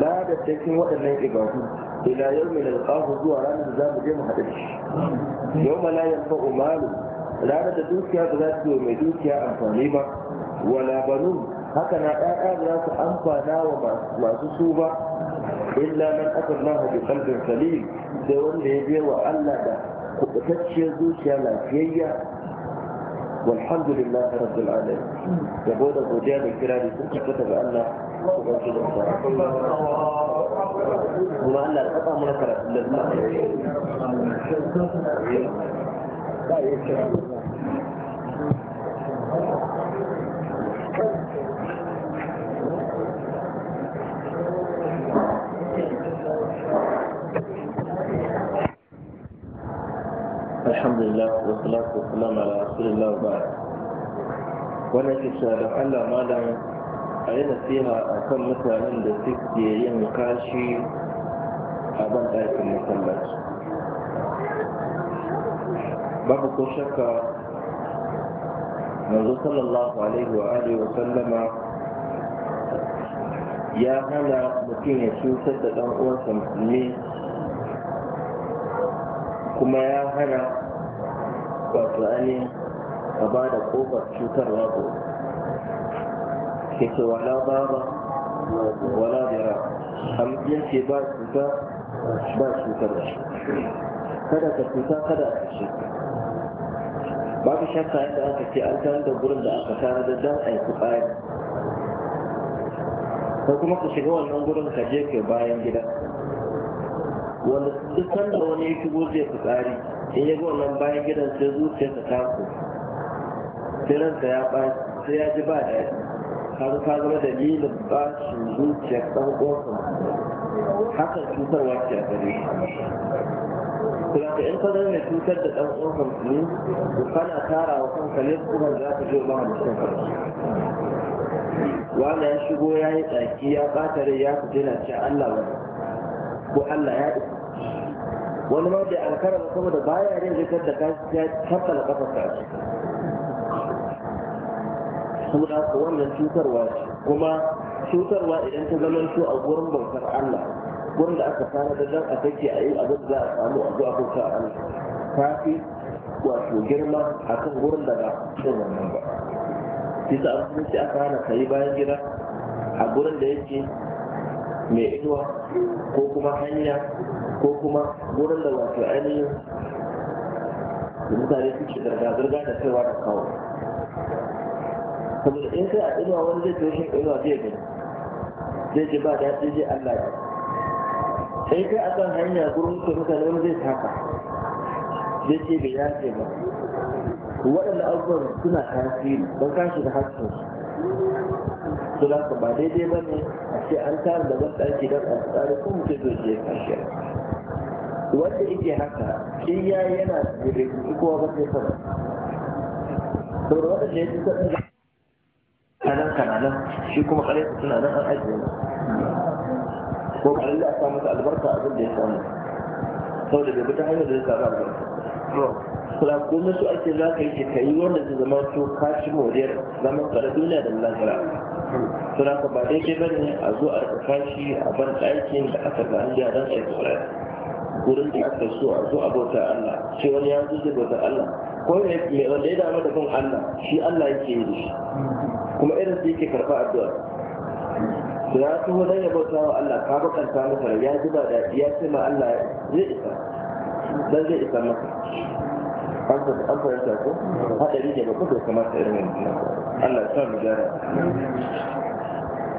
lada cikin waɗannan ibadu ila yawmin alqahu zuwa ranar da za mu je mu haɗa shi yawma la yanfa'u malu ranar da dukiya ba za su yi mai dukiya amfani ba wala banun haka na ɗaya ba za su amfana wa masu su ba illa man aka Allah bi qalbin sai wanda ya biya Allah da كانت شهدو شهلا والحمد لله رب العالمين يا بودا بوديان الكرامي كنت كتب أن الله وما أن الأطاع منكرة لله لا يشهد الله Thank you. alhamdulillah wa salatu wannan ke cewa don Allah malam a yi nasiha a kan mutanen da suke yin kashi a ban ɗakin masallaci babu ko shakka manzo sallallahu alaihi wa alihi wa sallama ya hana mutum ya cutar da ɗan uwansa musulmi kuma ya hana wato ainihin ka ba da kofar cutarwa gobe ke ce wala baba wala dira amfiyar ce ba cuta ba cutar da kada ka cuta kada a cuce babu shakka yadda aka ce an tarar da gurin da aka tara da dan aiki bayan ko kuma ka shiga wannan gurin ka je ke bayan gida wanda duk sanda wani ya shigo zai fi tsari in ya ga wannan bayan gidan sai zuciya ta ku sai ransa ya ba sai ya ji ba da ya har ka zama dalilin bashin zuciya ɗan uwansa hakan cutarwa ce a gare kuma ka in ka zama mai cutar da ɗan uwansa musulmi to kana tara wa kanka ne kuma za ka zo ba mutum farko wanda ya shigo ya yi tsaki ya ɓata rai ya fita na ce Allah ba ko Allah ya isa wani ma bai ankara ba saboda baya rin zikar da kashi ya tattala kafar kashi saboda su wannan cutarwa ce kuma cutarwa idan ta zama su a gurin bautar Allah gurin da aka fara da dan a take a yi abin da za a samu a zuwa bautar Allah ta fi wato girma a kan gurin da ba su wannan ba bisa abin da aka hana ka yi bayan gida a gurin da yake mai inuwa ko kuma hanya ko kuma wurin da wato ainihin da mutane suke zirga-zirga da kaiwa da kawo da in kai a inuwa wani zai toshe inuwa zai gani zai ce ba daɗi zai allah ya sai kai a kan hanya gurin ka mutane wani zai taka zai ce bai yace ba waɗanda abubuwan suna tasiri don kashi da hasken su ba daidai ba ne a ce an tara da ban ɗaki don a tsari kuma mutum zai je kashi wanda yake haka shi ya yana rikici kowa ba zai saba saboda wanda ya ci sabbin kanan nan, shi kuma kare su suna nan an ajiye ko ba lalle a samu albarka abin da ya samu saboda bai bi ta hanyar da ya samu albarka kula kuma su ake za ka yi ka yi wanda zai zama to kashi ci moriyar zaman tsara duniya da lahira suna ka ba daidai ba ne a zo a kashi a ban ɗakin da aka an yaran a yi wurin da aka so a zo a bauta Allah sai wani ya zuce bauta Allah ko mai wanda ya dama da kan Allah shi Allah yake yi da shi kuma irin da yake karɓa addu'a da ya taho dan ya bauta wa Allah ka kanta masa ya ji ba daɗi ya ce ma Allah zai isa dan zai isa masa an ta ko hadari da ba da kamata irin wannan Allah ya sa mu gyara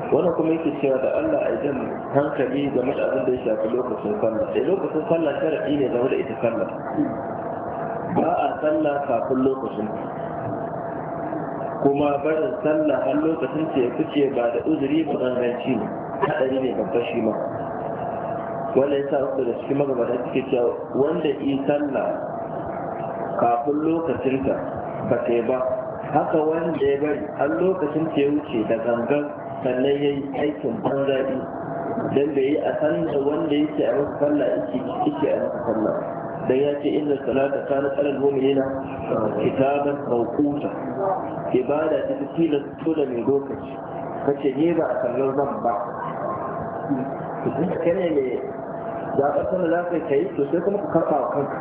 wannan kuma yake cewa da Allah a jan hankali game da abin da ya shafi lokacin sallah sai eh, lokacin sallah sharadi ne game da ita sallah ba a sallah kafin lokacin kuma barin sallah har lokacin ce ya fice ba da uzuri ba ganganci ne hadari ne babba shi ma wanda ya sa uku da cikin magabata suke cewa wanda yi sallah kafin lokacinta ba ta ba haka wanda ya bari har lokacin ta ya wuce da gangan sannan ya yi aikin banzaɗi don bai yi a sanda wanda yake a masa sallah yake yake a masa sallah dan ya ce inna salata kana alal mu'minina kitaban mawquta ibada ta tilas to da mai lokaci kace ne ba a sallar zan ba kai ne mai zaɓar sana za ka kai to sai kuma ka karɓa wa kanka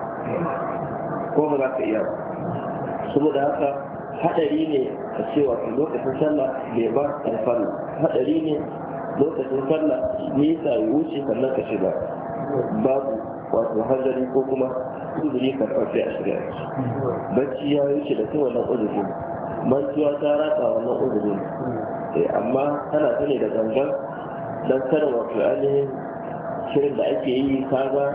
ko ba za ka iya saboda haka hadari ne a cewa lokacin sallah bai bar alfanu hadari ne lokacin sallah nisa ya wuce sannan ka shiga babu wato hanzari ko kuma uzuri ka ɗauke a shirya bacci ya wuce da su wannan uzurin mantuwa ta ratsa wannan uzurin eh, amma ana ta ne da gangan don kada wato ainihin shirin da ake yi kaga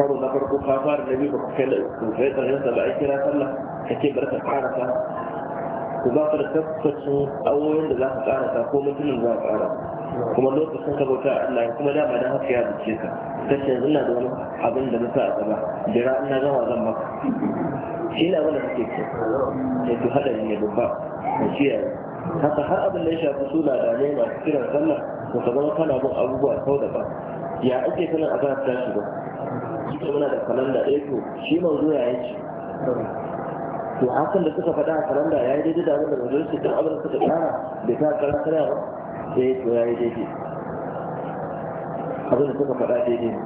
karo na farko ka fara na biyu ba ku kai da kai tsarin sa ba a kira sallah ka ce barka karasa ku ba ka da tabbacin awoyin da za ka karasa ko mutumin za ka karasa kuma lokacin ka bauta Allah kuma ma dan haka ya dace ka kace yanzu ina da wani abin da na sa a gaba jira ina gama zan maka shi ne abin da kake ce sai ku hada ne babba ka kiyaye haka har abin da ya shafi da ne masu kiran sallah ko ka zama kana bin abubuwa sau da ba ya ake sanin a ta shi ba kuma muna da kalanda ɗaya eh to shi manzo ya yanci to hakan da suka faɗa a da ya yi daidai da abin da wajen su duk abin da suka tsara da ta karan karya ba sai to ya yi daidai abin da suka faɗa daidai ne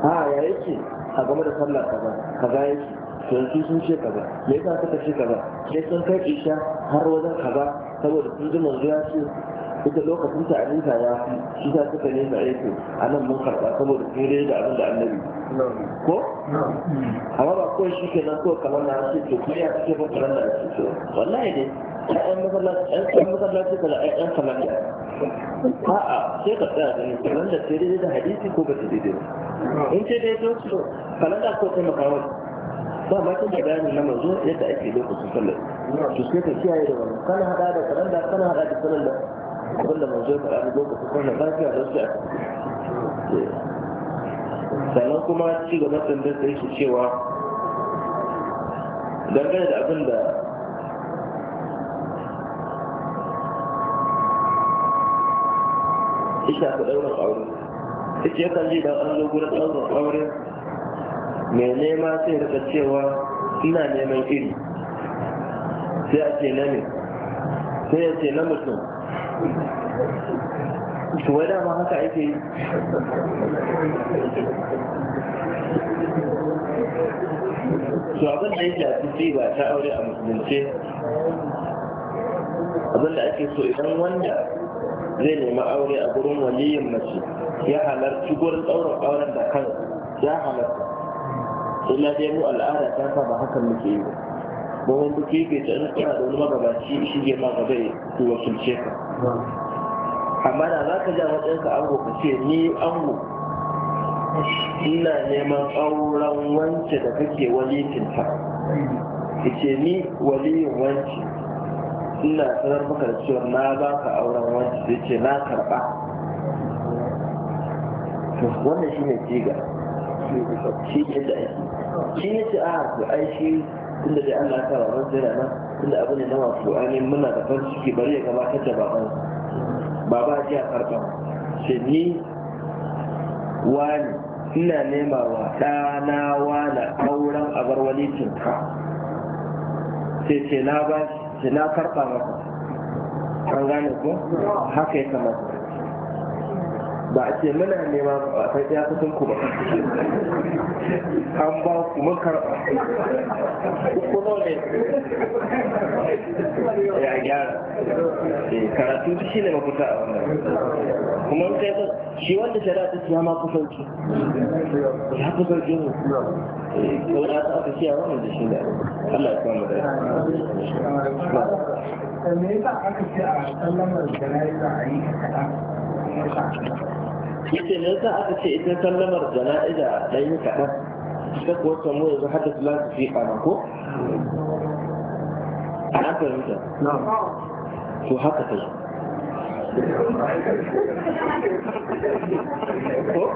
a ya yake a game da sallah kaza kaza yake yanzu sun ce kaza me yasa suka ce kaza sai sun kai isha har wajen kaza saboda sun ji manzo ya ce ita lokacin ta alinta ya fi shi ta suka nesa aiki a nan mun karɓa saboda kere da abin da annabi ko amma ba ko shi ke nan ko kamar na shi to kuma ya kake fata ran da shi to wallahi ne ƴan masallaci kala ƴan kalanda a'a sai ka tsaya ne kalanda sai daidai da hadisi ko ba ta daidai in ce daidai to kalanda ko ta maka ba ma kin bayani na mazo yadda ake lokacin sallah to sai ka kiyaye da wannan kana hada da kalanda kana hada da sallah abin da manzo faɗa da gobe ku kwana lafiya don sai a sannan kuma ci gaban tambayar da shi cewa dangane da abin da ya shafi ɗaurin aure ita ya kalli da an zo gurin ɗaurin aure mai nema sai rika cewa ina neman iri sai a ce na ne sai a ce na mutum to wai dama haka ake yi to abin da a cikin ba ta aure a musulunce abin da ake so idan wanda zai nemi aure a gurin waliyin mace ya halarci gurin tsaurin auren da kan ya halarta illa dai mu al'ada ta ba hakan muke yi ba mun fi fifita in kana da wani magabaci shi ke ma gaba ya wakilce ka amma da za ka ji a matsayinka ango ka ce ni ango ina neman auren wance da kake walitinta ka ce ni waliyin wance ina sanar maka da cewa na ba ka auren wance da ce na karɓa wannan shi ne jiga shi ne da ake shi ne ce a ah, ai shi da dai Allah ya wa wanda yana nan tunda abin da na wasu ainihin muna da farin ciki bari ya gabatar da baban baba ji a karɓa ce ni wani ina nema wa ɗana wana auren abar walicin ka sai ce na ba shi ce na karɓa maka an gane ko haka ya kamata ba a ce muna nema ba a ya kusan ku ba an ba ku mun karɓa ku ne ya gyara eh, karatu shi ne mafuta a wannan kuma kai shi wanda shari'a ta ya ma kusanci ya kusanci ne ko da ta aka kiyaye wannan da shi da Allah ya samu da me yasa aka ce a sallamar jana'iza a yi kaɗa yace ne yasa aka ce ita sallamar jana'iza dan yi kaɗan ita kuwa samu yanzu hadda su lasu fi ƙana ko a nan fahimta to haka ta yi ko?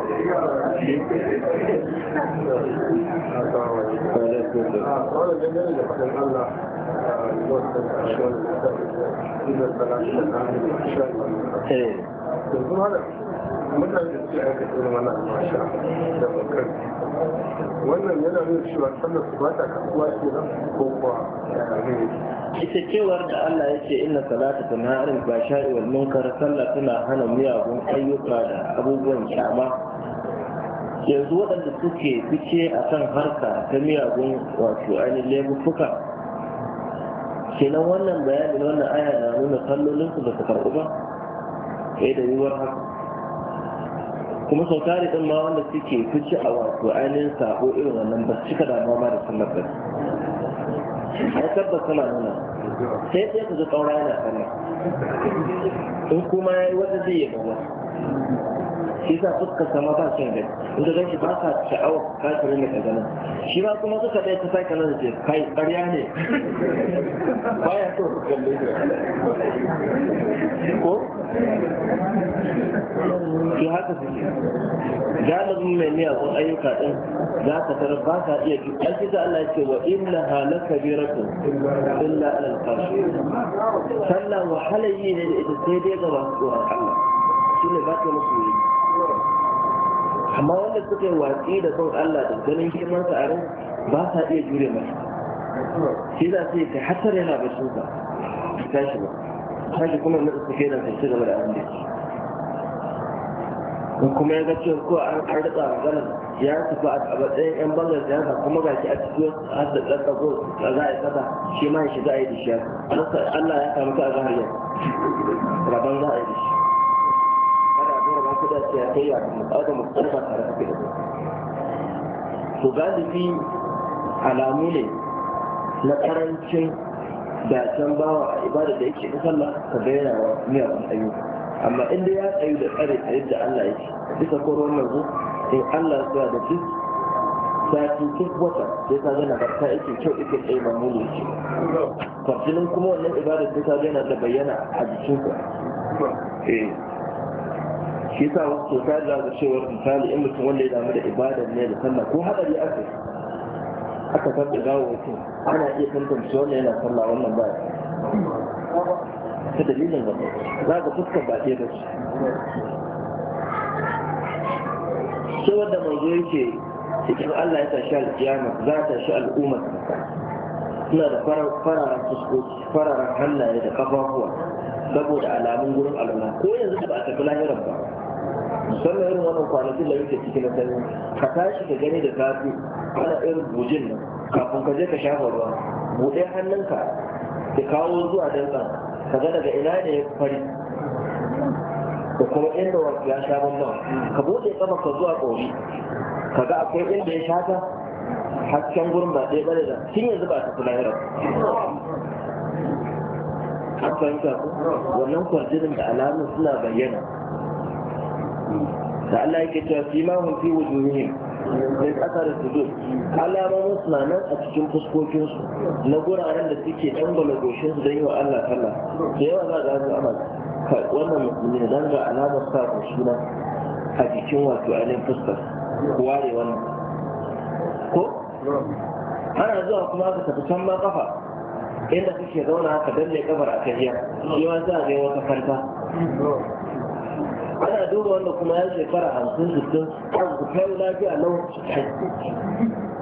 Hey. mutane su aka irin wannan almasha da fakar wannan yana nuna cewa sallar su ba ta kasuwa ke nan ko kuwa ne ita cewar da Allah ya ce inna salata tana harin basha'i wal munkar sallah tana hana miyagun ayyuka da abubuwan kyama yanzu waɗanda suke fice a kan harka ta miyagun wato ainihin laifuffuka kenan wannan bayanin wannan aya na nuna kallolinsu ba su karɓu ba sai da yiwuwar haka kuma sau tare din ma wanda suke fice a wato ainihin sabo irin wannan ba cika da ma da sallar ba ya tabbas suna nuna sai sai ka ji tsaura yana sallar in kuma ya yi wata zai yi ba shi sa fuskar sama ba shi gani in ka ganshi ba sa sha'awa kafirin ne ka ganin shi ba kuma suka ɗaya ta sai ka nan ce kai ƙarya ne baya so ka kalle ko shi haka su ce galibin mai miyagun ayyuka ɗin za ka tara ba sa iya ki an shi Allah ya ce wa inna halaka bi rabbin illa alal kafirin sallah wahalar yi ne da ita sai dai ga masu tsoron Allah shi ne ba ta musu yi amma wanda suka yi watsi da son Allah da ganin girman sa a ran ba sa iya jure masa shi za su yi ka hatar yana bashin sa tashi ba tashi kuma na su kai nan sai gaba da abin da yake kuma ya ga cewa ko an karɗa maganar ya tafi a matsayin yan bangar siyasa kuma ga shi a cikin har da ɗan a za a yi kasa shi ma ya shiga a yi dishiya Allah ya samu ka a zahar yau rabon za a yi dishiya kuɗi ya siyasayya da mutsada mutsada ba tare da kuɗi to galibi alamu ne na karancin dacen bawa a ibada da yake na sallah ka gaira wa miyagun ayyuka amma inda ya tsayu da tsare a yadda Allah ya ce bisa koron manzo in Allah ya da duk sati duk wata sai ka gana barka yake kyau ita tsaye ba mulu yake farjinin kuma wannan ibada sai ka gana da bayyana a jikinka eh. shi yasa wasu sosai za ga cewa misali in mutum wanda ya damu da ibadar ne da sallah ko hadari aka aka san da gawo mutum ana iya tantance wanda yana sallah wannan ba ta dalilin gaba za ga fuskar ba ɗaya ba ce sai wanda manzo yake cikin Allah ya tashi al-qiyama za ta shi al'ummar suna da fararen fuskoki fararen hannaye da kafafuwa saboda alamun gurin al'umma. ko yanzu ba a tafi lahiran ba Sannan irin wannan kwanakin da yake cikin na sanyi ka tashi ka gani da zafi ana irin bujin nan kafin ka je ka shafa ruwa buɗe hannunka ka kawo zuwa dantsan ka ga daga ina ne ya fari da kuma inda wasu ya sha bambam ka buɗe kama ka zuwa ƙori ka ga akwai inda ya shata hasken gurin ba ɗaya bane da tun yanzu ba ta kula yau an fahimta ku wannan kwarjinin da alamun suna bayyana da Allah yake cewa simahum fi wujuhihim min athar sujud alamomin suna nan a cikin fuskokin su na guraren da suke dangala goshin su don yi wa Allah sallah da yawa za ga su amal wannan musulmi ne dan ga alamar sa goshi suna a jikin wato ainihin fuskar ware wannan ko ana zuwa kuma ka tafi can ma kafa inda kake zauna ka danne kafar a kajiya shi za a ga wata farka ana duba wanda kuma ya shekara hamsin sittin an ku kai lafiya nan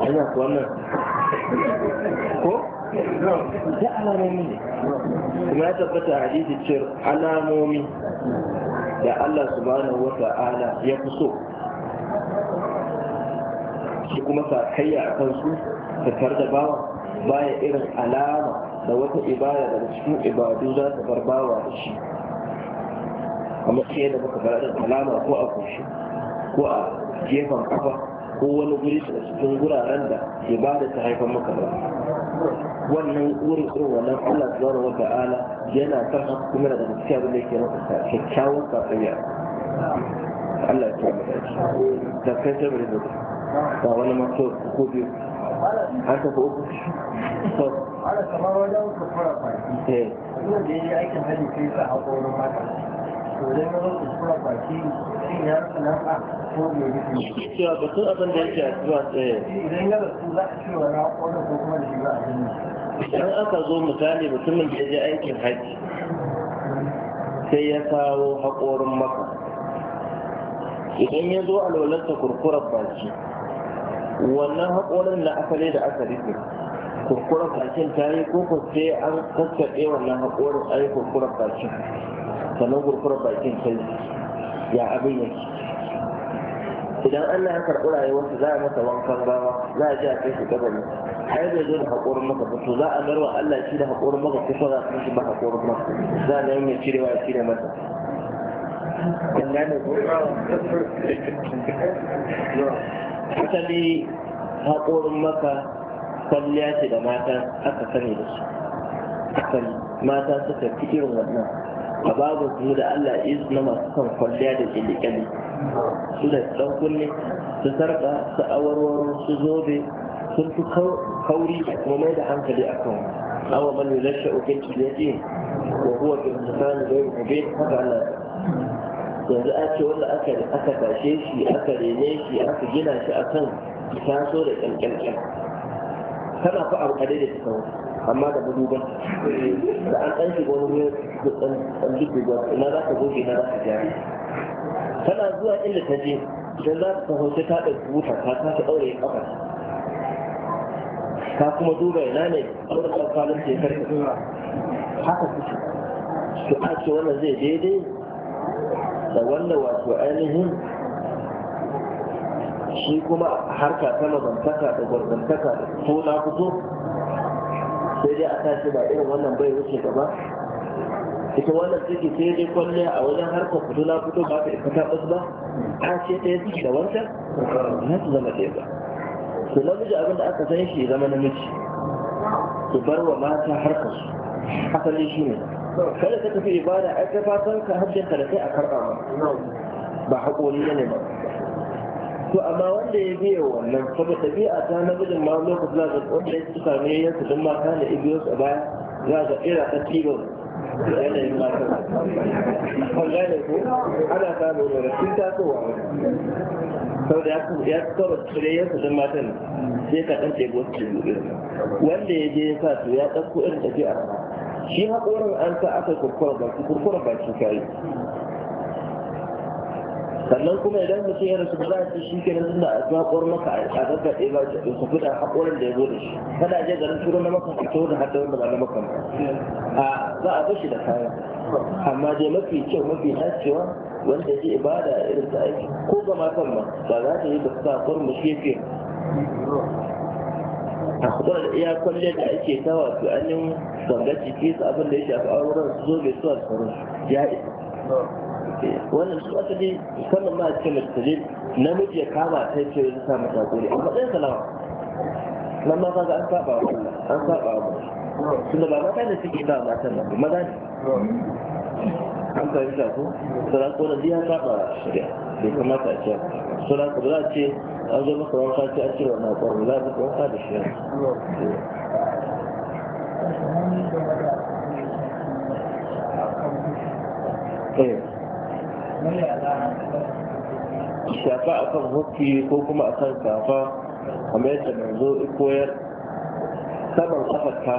ana ku wannan ko da alamomi ne kuma ya tabbata a hadisi cewa alamomi da Allah subhanahu wa ta'ala ya fi so shi kuma kayya a kansu fitar da bawa baya irin alama da wata ibada daga cikin ibadu za ta barbawa da shi kamar shi yadda muka faɗa alama ko a kushe ko a gefen kafa ko wani guri da cikin guraren da ibada ta haifar maka ba wannan wurin irin wannan Allah subhanahu wa ta'ala yana san haka kuma daga gaskiya abin da yake maka kyakkyawan kafiriya Allah ya kama da shi da kai ta bari da ba wani mato ko biyu an tafi uku to ana kamar wajen kuskura baki eh da ya aikin hali sai sa haƙorin mata cewa ba batun abin da yake addu'a tsaye eh. idan ya rasu za a cewa na ƙwarar ko kuma da shiga a jini idan aka zo misali mutumin da ya je aikin haji sai ya kawo haƙorin maka idan ya zo a alwalarsa kurkurar baki wannan haƙorin na asali da asali ne kurkurar bakin ta yi ko sai an kakkaɓe wannan haƙorin a yi kurkurar bakin كان نقول قرب بيتين كلمة يا عبيد إذا أن هكذا الأولى يوسف لا متوان كربا لا جاء كيف كبر حيث يجون حقور مكة بس لا أمر وألا يشيد حقور مكة كيف لا تنشي بها حقور مكة لا نعم يشير ويشير مكة كان نعم حتى لي حقور مكة فلياتي لما كان أكثر من ما كان سكر كثير من الناس a babu su da Allah izu na masu kan kwalliya da kyalikyali su da ɗan kunne su sarƙa su awarwaro su zobe sun fi kauri kuma mai da hankali a kan awa man yi rashin ubanci da ko kuwa ke da yau gobe haka Allah yanzu a ce wanda aka tashe shi aka rene shi aka gina shi a kan taso da ƙyanƙyanƙyan kana fa abu kadai da ta kawo amma da ba da an ɗan shiga wani wurin ɗan dubbuga ina za ka goge na za ka gyara tana zuwa inda ta je idan za ta hoce ta ɗauki wuta ta kasa ɗaure ƙafa ta kuma duba ina ne ɗaure ƙafalin ta ya karka haka kuke su a ce wannan zai daidai da wanda wato ainihin shi kuma harka ta mazantaka da gwarzantaka da ko na fito sai dai a tashi ba irin wannan bai wuce gaba ita wannan ciki sai dai kwalle a wajen harkar fito na fito ba ka ikata bas ba a ce ta yi da wancan na su zama ɗaya ba to namiji abin da aka san shi zama namiji su bar wa mata harkar su asali shi ne kada ka tafi ibada ai ka fatan ka hajjin ka da kai a karɓa ba ba haƙori ne ba to amma wanda ya biya wannan saboda tabi'a ta namijin ma lokacin za ga wanda ya ci same ya su dun mata da ibiyo su ba za ga ira ta tibo yanayin mata kan gane ko ana samu daga sun tasowa wani saboda ya kawo cire ya su dun matan sai ka ɗan tebo su cikin wanda ya je ya sa su ya ɗauko irin tafiya shi haƙorin an sa aka kurkura baki kurkura baki kayi sannan kuma idan mutum ya rasu ba za shi kenan sun da kwar maka a ɗaya ba su tafi da haƙorin da ya zo da shi kada je garin turo na maka fito da hadda wanda ba na maka ba a za a bashi da kaya amma dai mafi kyau mafi dacewa wanda ya ibada irin ta aiki ko ga matan ma ba za ta yi da saƙuwar mu shefe a kuma da iya kwallon da ake ta wato an yi gangaci fesa abin da ya shafi auren su zo bai suwa da sauransu ya isa wannan su asali musamman ma cikin musulmi namiji ya kama ta ce ya sa mata kore a matsayin salawa nan ma kaga an saba wa an saba wa tunda ba mata ne suke ba matan nan maza ne an fahimta ko sura ko da biya saba shari'a bai kamata a ce sura ko a ce an zo maka wanka ce an cire wannan kwarin za a ka wanka da shi Yeah. shafa akan hukki ko kuma akan safa kamar yadda manzo koyar saman kafar ta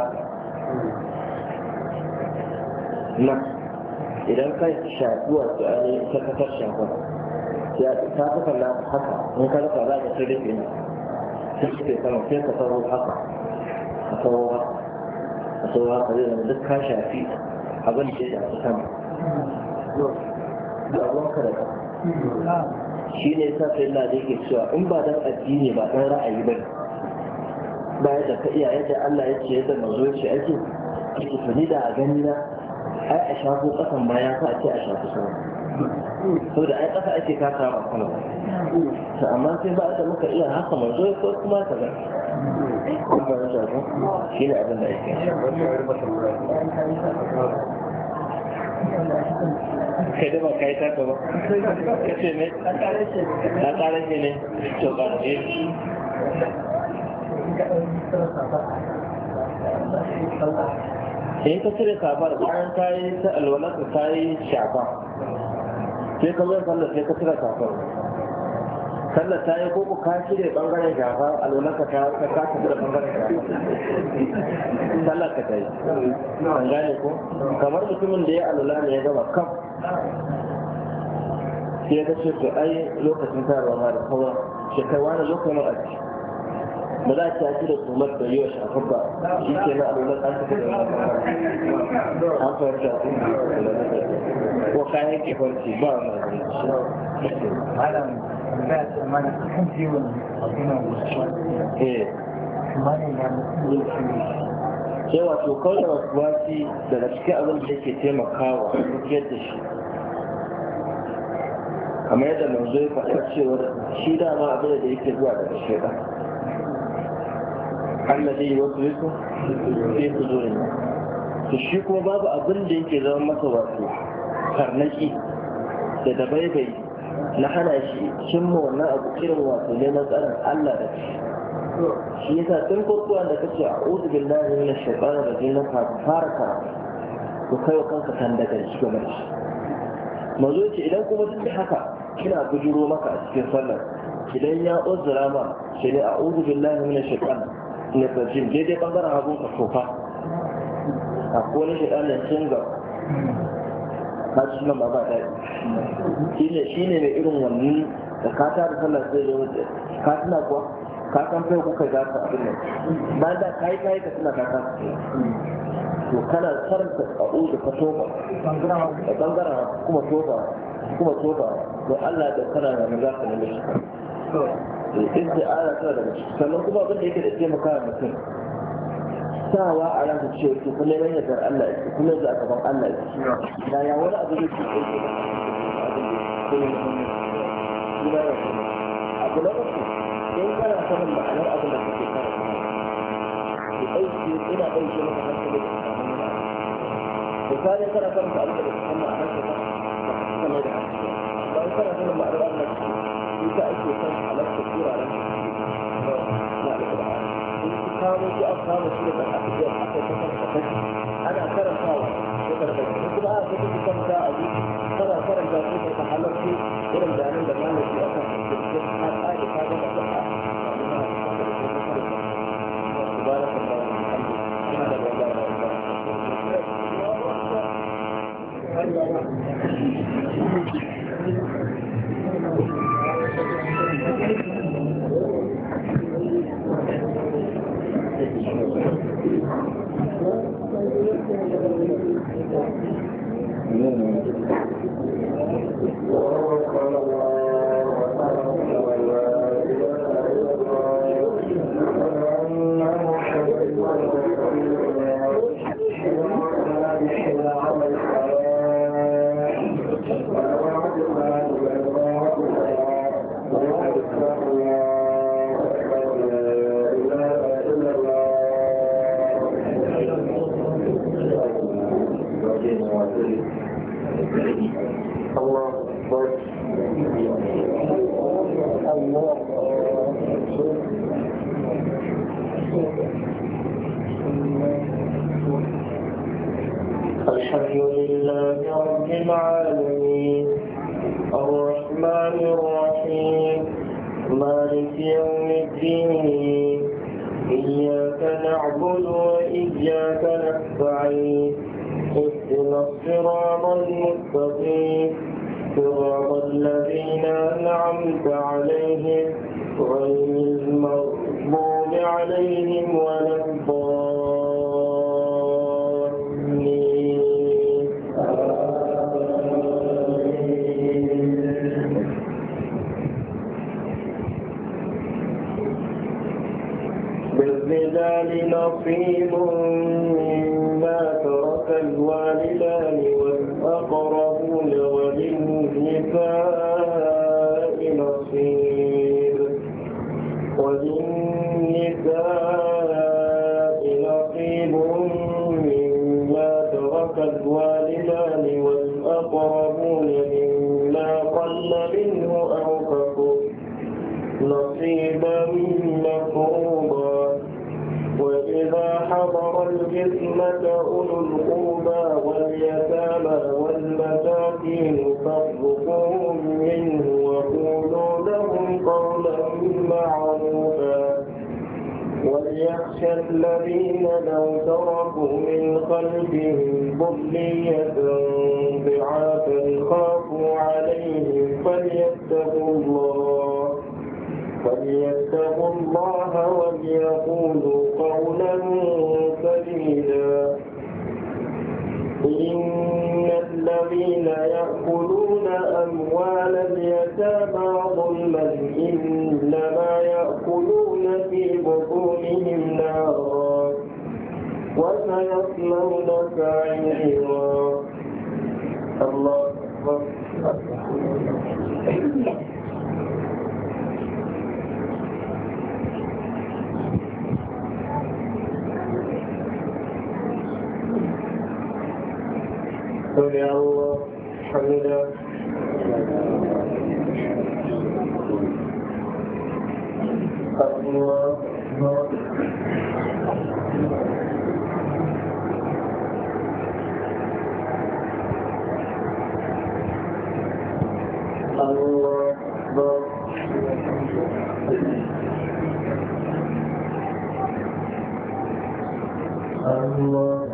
na idan ka shafi wasu ainihin karkatar shafa ya ta kafa na haka in ka rufa za ka sai rufe ne sai ke sama sai ka sauro haka a sauro haka a sauro haka zai zama duk ka shafi abin da ya shafi sama da ruwanka da ƙasa shi ne yasa sai Allah yake cewa in ba dan addini ba dan ra'ayi ba ba yadda ka iya yadda Allah ya ce yadda mazo ya ce ake ake tuni da a gani na ai a shafo ƙasan baya ka sa a ce a shafo sama saboda ai ƙasa ake kasa a kuma to amma sai ba da muka iya haka mazo ko kuma ka ga kuma ba shi ne abin da yake kai da ba kai ta ba ka ce ne na tare shi ne to ba ne in ka cire safar bayan ka yi ta alwalar ka yi shafa sai ka zai sallar sai ka cire safar sallar ta yi koko ka shirya bangaren shafa alwalarka ta ka ka tafi da bangaren shafa sallar ka ta yi an gane ko kamar mutumin da ya alwala ne ya gaba kaf sai ya kashe to ai lokacin tayarwa ma da kawai shekai wani lokacin a ciki ba za ta ci da tumar da yiwa shafar ba shi ke na alwalar an tafi da bangaren an fahimta ko kayan kefarci ba wani abin sai wato kawai wasu wasi daga cikin abin da yake taimakawa yadda shi kamar yadda manzo ya faɗa cewar shi dama abin da yake zuwa daga shaidan Allah zai yi wasu riku sai su zo ne to shi kuma babu abin da yake zama masa wato karnaki da dabaibai na hana shi cimma wannan abu irin wato neman tsarin Allah da shi shi yasa tun farko da kace a'udhu billahi minash da rajim na fara ka ku kai wa kanka daga shi game da shi mazo ce idan kuma duk da haka kina bujuro maka a cikin sallar idan ya uzura ma shi ne a'udhu billahi minash shaitanir rajim daidai bangaren hagu ka sofa a kone shi ɗan cin gaba ka sunan ma ba daɗi shine shine mai irin wannan da ka da sallah sai da wata ka kuwa ka san kuka za ka abin nan ba da kai kai ka tuna ka ka to kana karanta a'udhu ka toba da bangaren kuma toba kuma toba to Allah da kana da za ka nemi shi to sai da tana da sannan kuma abin da yake da taimaka mutum sawa a ranka cewa ke kuma nan yardar Allah ke kuma za ka ban Allah ke da ya wani abu zai ke aiki da abu na uku don kana sanin ma'anar abin da kake karanta ki aiki ina aiki maka hankali da samun da kare kana karanta abin da kake karanta a ranka ba ka sanar da hankali ba kana sanin ma'anar Allah ke ka aiki zo sai an kama shi daga ajiyar aka ta kan ana karantawa sai karɓar kuma aka ta kan ta a zuciya الدين منه وقولوا لهم قولا معروفا وليخشى الذين لو تركوا من قلبهم ظلية ضعافا خافوا عليهم فليتقوا الله فليتقوا الله وليقولوا قولا معروفا يأكلون أموال اليتامى ظلما إنما يأكلون في بطونهم نارا وسيصلون سعيرا الله أكبر سمع الله حمدا الله الله الله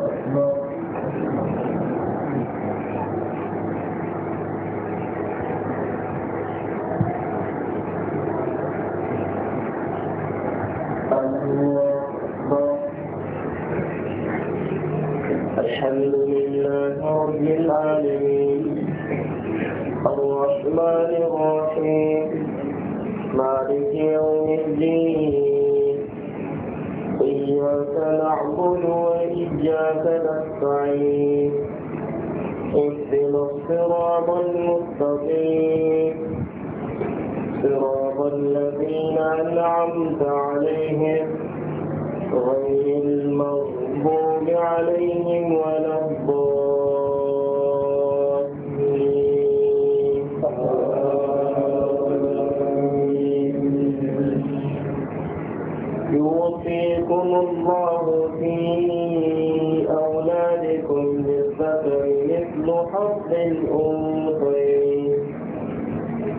المستقيم صراط الذين أنعمت عليهم غير المغضوب عليهم ولا يوصيكم الله في أولادكم للذكر مثل حظ الأنثيين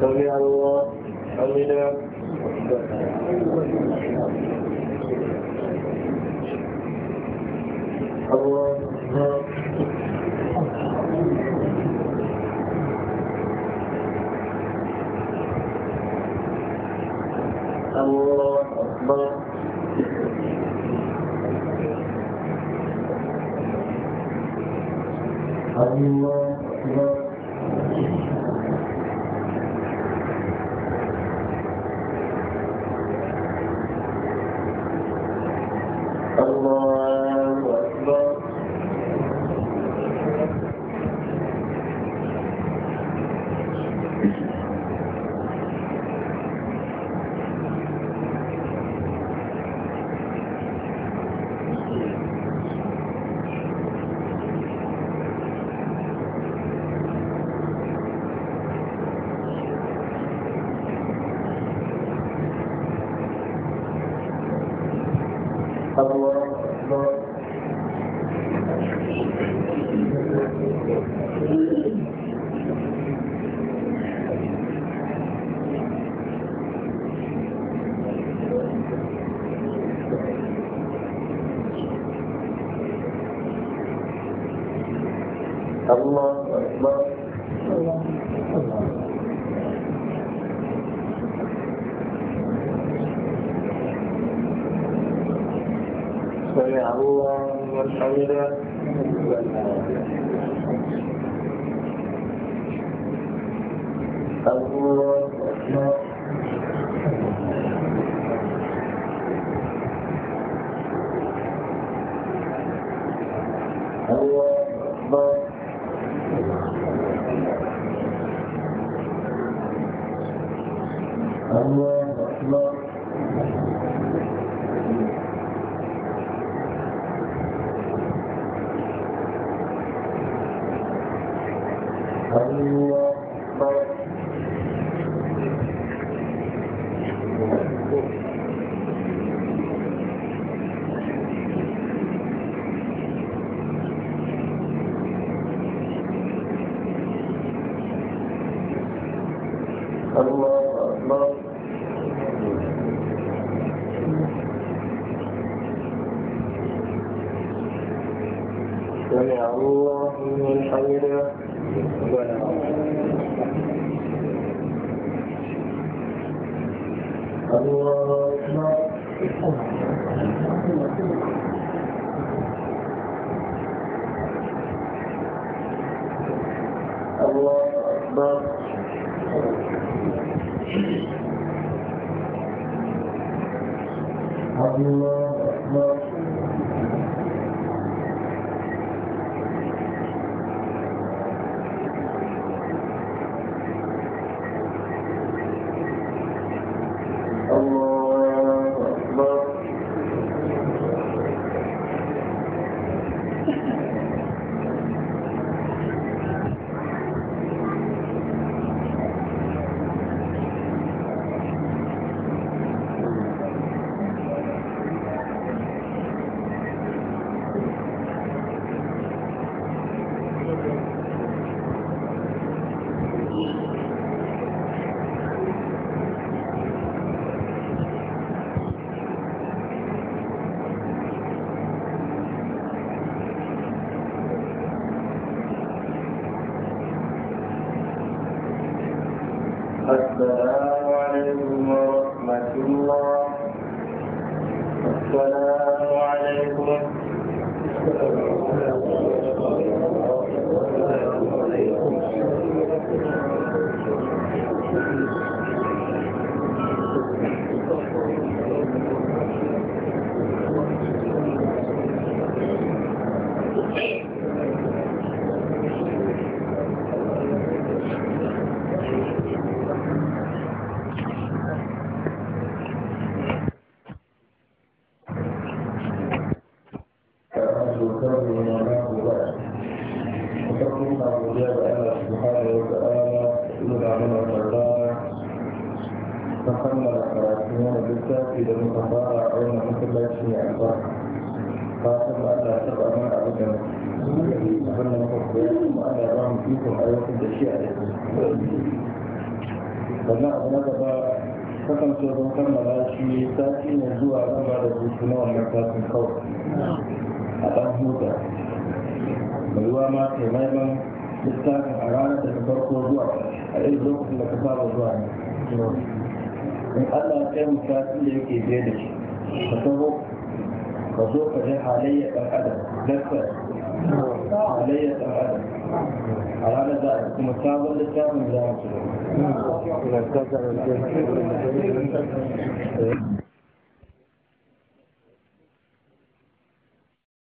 سمع الله حمدا الله الله أكبر الله a ɗan huta ruwa ma taimaiman littafin a ranar da ta farko zuwa a irin lokacin da ka fara zuwa in allah ya mu satin da yake biye da shi ka taho ka zo ka ji halayya ɗan adam daktar halayya ɗan adam a ranar za a kuma sabon littafin za mu ci